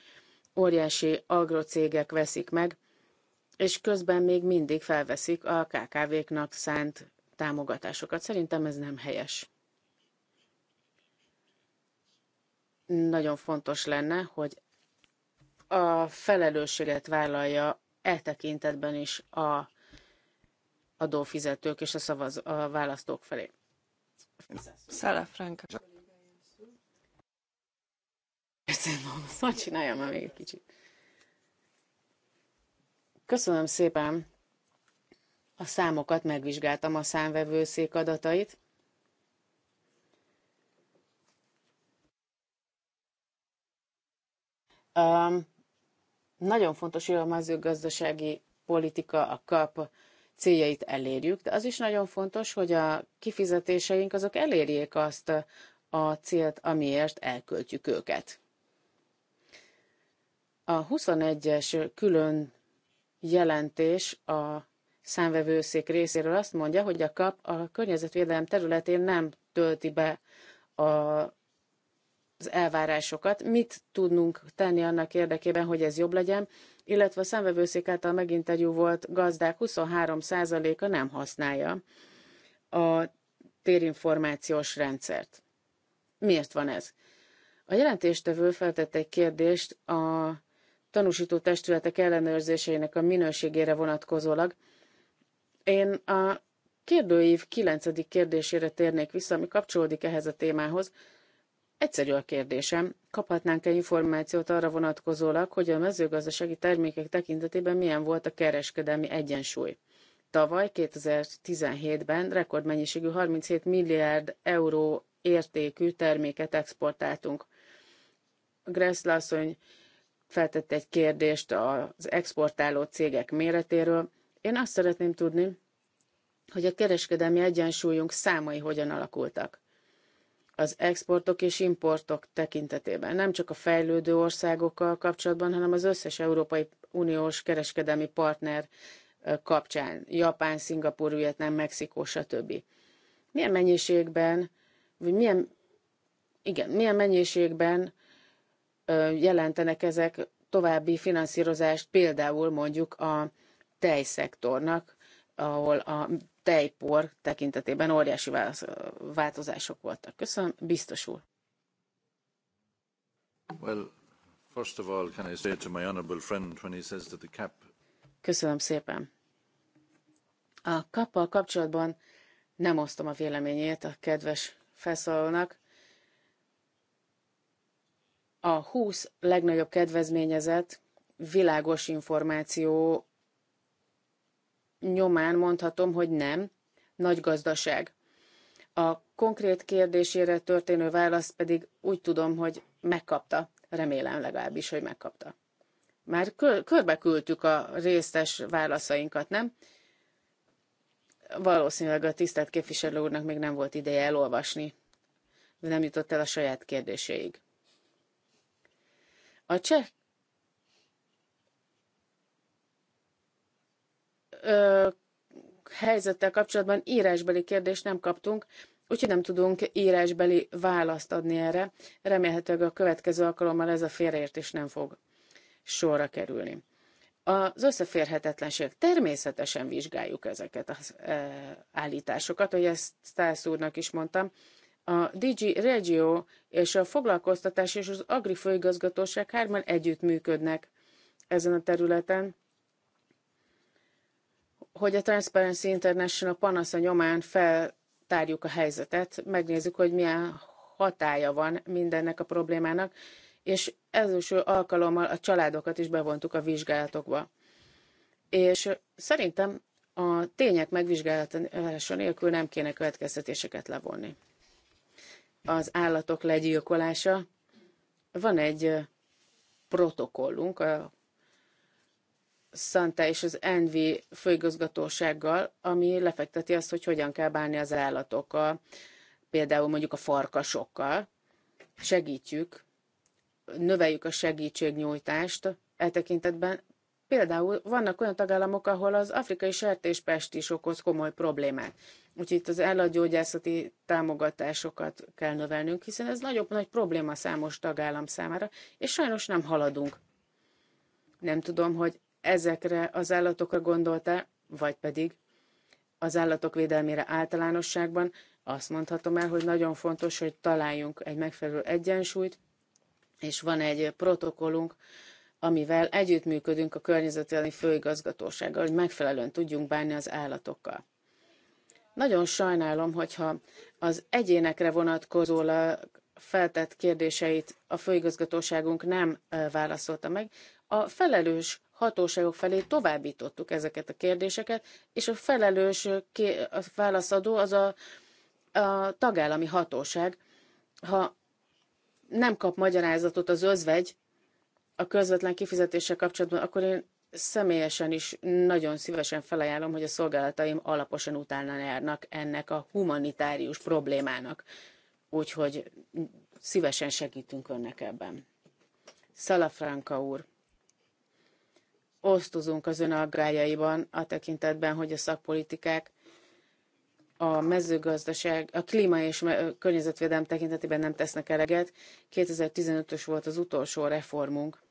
óriási agrocégek veszik meg, és közben még mindig felveszik a KKV-knak szánt támogatásokat. Szerintem ez nem helyes. Nagyon fontos lenne, hogy a felelősséget vállalja e tekintetben is a adófizetők és a, szavaz, a választók felé. Szala Franka. Köszönöm, szóval csináljam még egy kicsit. Köszönöm szépen. A számokat megvizsgáltam a számvevőszék adatait. Um, nagyon fontos, hogy a mezőgazdasági politika, a kap céljait elérjük, de az is nagyon fontos, hogy a kifizetéseink azok elérjék azt a célt, amiért elköltjük őket. A 21-es külön jelentés a számvevőszék részéről azt mondja, hogy a kap a környezetvédelem területén nem tölti be a, az elvárásokat. Mit tudnunk tenni annak érdekében, hogy ez jobb legyen? illetve a számvevőszék által meginterjú volt gazdák 23%-a nem használja a térinformációs rendszert. Miért van ez? A jelentéstevő feltette egy kérdést a tanúsító testületek ellenőrzéseinek a minőségére vonatkozólag. Én a kérdőív 9. kérdésére térnék vissza, ami kapcsolódik ehhez a témához. Egyszerű a kérdésem, kaphatnánk-e információt arra vonatkozólag, hogy a mezőgazdasági termékek tekintetében milyen volt a kereskedelmi egyensúly? Tavaly 2017-ben rekordmennyiségű 37 milliárd euró értékű terméket exportáltunk. Gressler asszony feltette egy kérdést az exportáló cégek méretéről. Én azt szeretném tudni, hogy a kereskedelmi egyensúlyunk számai hogyan alakultak az exportok és importok tekintetében, nem csak a fejlődő országokkal kapcsolatban, hanem az összes Európai Uniós kereskedelmi partner kapcsán, Japán, Szingapur, Vietnám, Mexikó, stb. Milyen mennyiségben, vagy milyen, igen, milyen mennyiségben jelentenek ezek további finanszírozást, például mondjuk a tejszektornak, ahol a tejpor tekintetében óriási változások voltak. Köszönöm, biztos úr. Well, first of all, can I say to my friend when he says that the cap... Köszönöm szépen. A kappal kapcsolatban nem osztom a véleményét a kedves felszólalónak. A 20 legnagyobb kedvezményezett világos információ nyomán mondhatom, hogy nem, nagy gazdaság. A konkrét kérdésére történő válasz pedig úgy tudom, hogy megkapta, remélem legalábbis, hogy megkapta. Már körbe küldtük a részes válaszainkat, nem? Valószínűleg a tisztelt képviselő úrnak még nem volt ideje elolvasni, de nem jutott el a saját kérdéséig. A cseh ö, helyzettel kapcsolatban írásbeli kérdést nem kaptunk, úgyhogy nem tudunk írásbeli választ adni erre. Remélhetőleg a következő alkalommal ez a félreértés nem fog sorra kerülni. Az összeférhetetlenség. Természetesen vizsgáljuk ezeket az e, állításokat, hogy ezt Stász úrnak is mondtam. A DG Regio és a foglalkoztatás és az Agri főigazgatóság hárman együttműködnek ezen a területen hogy a Transparency International panasza nyomán feltárjuk a helyzetet, megnézzük, hogy milyen hatája van mindennek a problémának, és ezúsul alkalommal a családokat is bevontuk a vizsgálatokba. És szerintem a tények megvizsgálása nélkül nem kéne következtetéseket levonni. Az állatok legyilkolása. Van egy protokollunk a Szanta és az Envi főigazgatósággal, ami lefekteti azt, hogy hogyan kell bánni az állatokkal, például mondjuk a farkasokkal. Segítjük, növeljük a segítségnyújtást e tekintetben. Például vannak olyan tagállamok, ahol az afrikai sertéspest is okoz komoly problémát. Úgyhogy itt az állatgyógyászati támogatásokat kell növelnünk, hiszen ez nagyobb nagy probléma számos tagállam számára, és sajnos nem haladunk. Nem tudom, hogy ezekre az állatokra gondolta, vagy pedig az állatok védelmére általánosságban, azt mondhatom el, hogy nagyon fontos, hogy találjunk egy megfelelő egyensúlyt, és van egy protokollunk, amivel együttműködünk a környezetvédelmi főigazgatósággal, hogy megfelelően tudjunk bánni az állatokkal. Nagyon sajnálom, hogyha az egyénekre vonatkozólag feltett kérdéseit a főigazgatóságunk nem válaszolta meg. A felelős hatóságok felé továbbítottuk ezeket a kérdéseket, és a felelős a válaszadó az a, a tagállami hatóság. Ha nem kap magyarázatot az özvegy a közvetlen kifizetéssel kapcsolatban, akkor én személyesen is nagyon szívesen felajánlom, hogy a szolgálataim alaposan utána járnak ennek a humanitárius problémának. Úgyhogy szívesen segítünk önnek ebben. Szalafranka úr osztozunk az ön aggájaiban a tekintetben, hogy a szakpolitikák a mezőgazdaság, a klíma és környezetvédelem tekintetében nem tesznek eleget. 2015-ös volt az utolsó reformunk.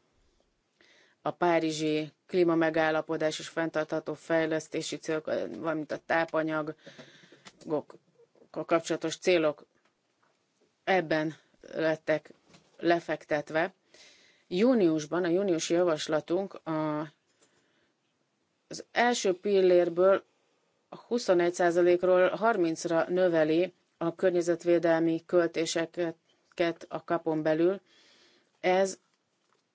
A párizsi klímamegállapodás és fenntartható fejlesztési célok, valamint a tápanyagokkal kapcsolatos célok ebben lettek lefektetve. Júniusban a júniusi javaslatunk a az első pillérből a 21%-ról 30-ra növeli a környezetvédelmi költéseket a kapon belül. Ez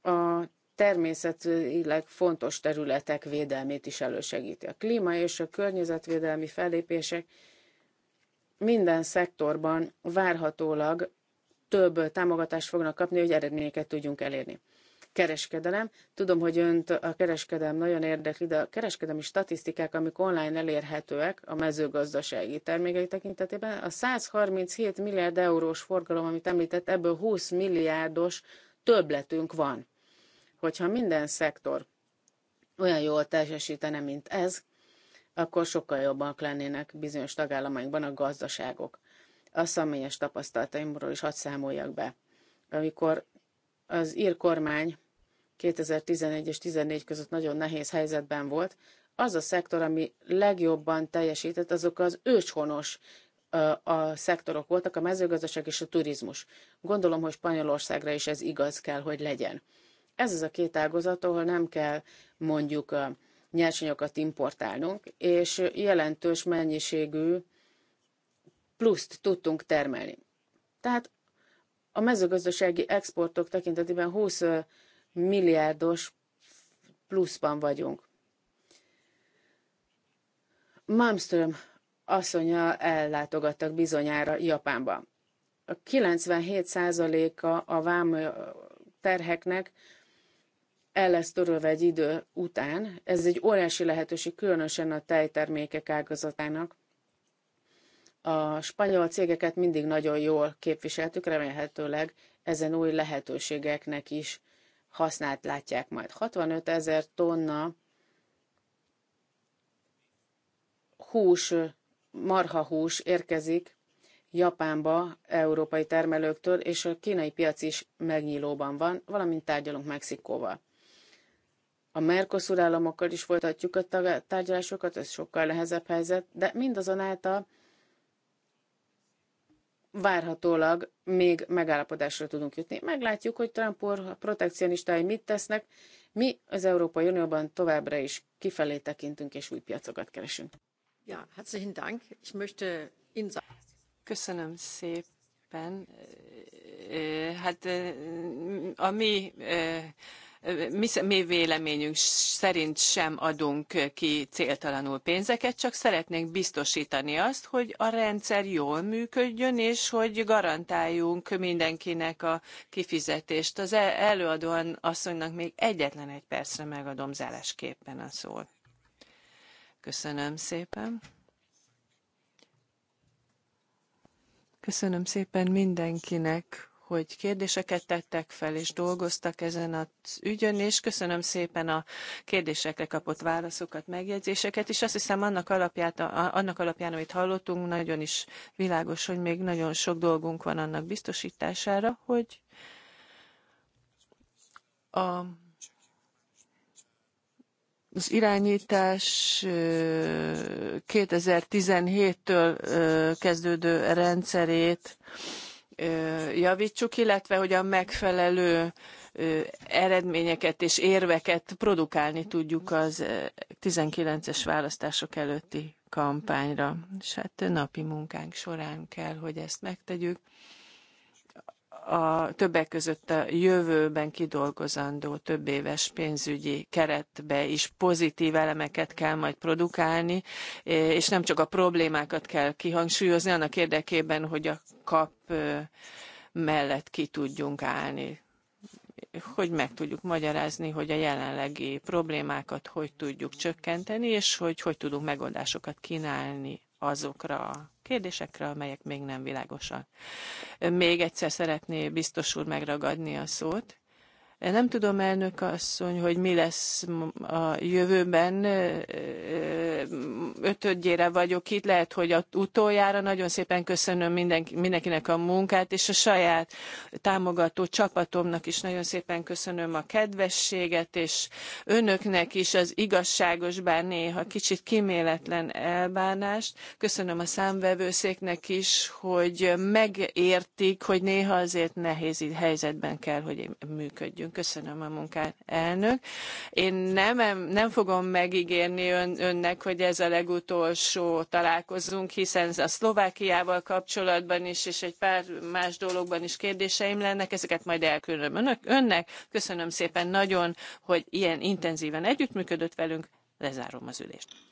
a természetileg fontos területek védelmét is elősegíti. A klíma és a környezetvédelmi fellépések minden szektorban várhatólag több támogatást fognak kapni, hogy eredményeket tudjunk elérni kereskedelem. Tudom, hogy önt a kereskedelem nagyon érdekli, de a kereskedelmi statisztikák, amik online elérhetőek a mezőgazdasági termékei tekintetében, a 137 milliárd eurós forgalom, amit említett, ebből 20 milliárdos többletünk van. Hogyha minden szektor olyan jól teljesítene, mint ez, akkor sokkal jobbak lennének bizonyos tagállamainkban a gazdaságok. A személyes tapasztalataimról is hadd számoljak be. Amikor az ír kormány 2011 és 2014 között nagyon nehéz helyzetben volt. Az a szektor, ami legjobban teljesített, azok az őshonos a szektorok voltak, a mezőgazdaság és a turizmus. Gondolom, hogy Spanyolországra is ez igaz kell, hogy legyen. Ez az a két ágazat, ahol nem kell mondjuk nyersanyagokat importálnunk, és jelentős mennyiségű pluszt tudtunk termelni. Tehát a mezőgazdasági exportok tekintetében 20 milliárdos pluszban vagyunk. Malmström asszonya ellátogattak bizonyára Japánba. A 97%-a a vám terheknek el lesz törölve egy idő után. Ez egy óriási lehetőség, különösen a tejtermékek ágazatának. A spanyol cégeket mindig nagyon jól képviseltük, remélhetőleg ezen új lehetőségeknek is használt látják majd. 65 ezer tonna hús, marhahús érkezik Japánba európai termelőktől, és a kínai piac is megnyílóban van, valamint tárgyalunk Mexikóval. A Mercosur államokkal is folytatjuk a tárgyalásokat, ez sokkal nehezebb helyzet, de mindazonáltal várhatólag még megállapodásra tudunk jutni. Meglátjuk, hogy Trump protekcionistái mit tesznek. Mi az Európai Unióban továbbra is kifelé tekintünk és új piacokat keresünk. Ja, herzlichen Dank. Ich möchte Ihnen Köszönöm szépen. Hát a mi mi, mi véleményünk szerint sem adunk ki céltalanul pénzeket, csak szeretnénk biztosítani azt, hogy a rendszer jól működjön, és hogy garantáljunk mindenkinek a kifizetést. Az e- előadóan asszonynak még egyetlen egy percre megadom zárásképpen a szót. Köszönöm szépen. Köszönöm szépen mindenkinek hogy kérdéseket tettek fel és dolgoztak ezen az ügyön, és köszönöm szépen a kérdésekre kapott válaszokat, megjegyzéseket, és azt hiszem annak, alapját, annak alapján, amit hallottunk, nagyon is világos, hogy még nagyon sok dolgunk van annak biztosítására, hogy a az irányítás 2017-től kezdődő rendszerét javítsuk, illetve hogy a megfelelő eredményeket és érveket produkálni tudjuk az 19-es választások előtti kampányra. És hát napi munkánk során kell, hogy ezt megtegyük a többek között a jövőben kidolgozandó több éves pénzügyi keretbe is pozitív elemeket kell majd produkálni, és nem csak a problémákat kell kihangsúlyozni, annak érdekében, hogy a kap mellett ki tudjunk állni hogy meg tudjuk magyarázni, hogy a jelenlegi problémákat hogy tudjuk csökkenteni, és hogy hogy tudunk megoldásokat kínálni azokra a kérdésekre, amelyek még nem világosak. Még egyszer szeretné biztos úr megragadni a szót. Nem tudom, elnök asszony, hogy mi lesz a jövőben. Ötödjére vagyok itt, lehet, hogy a utoljára. Nagyon szépen köszönöm mindenki, mindenkinek a munkát, és a saját támogató csapatomnak is nagyon szépen köszönöm a kedvességet, és önöknek is az igazságos, bár néha kicsit kiméletlen elbánást. Köszönöm a számvevőszéknek is, hogy megértik, hogy néha azért nehéz helyzetben kell, hogy működjünk nagyon köszönöm a munkát, elnök. Én nem, nem fogom megígérni ön, önnek, hogy ez a legutolsó találkozunk, hiszen a Szlovákiával kapcsolatban is, és egy pár más dologban is kérdéseim lennek, ezeket majd elkülönöm önök, önnek. Köszönöm szépen nagyon, hogy ilyen intenzíven együttműködött velünk. Lezárom az ülést.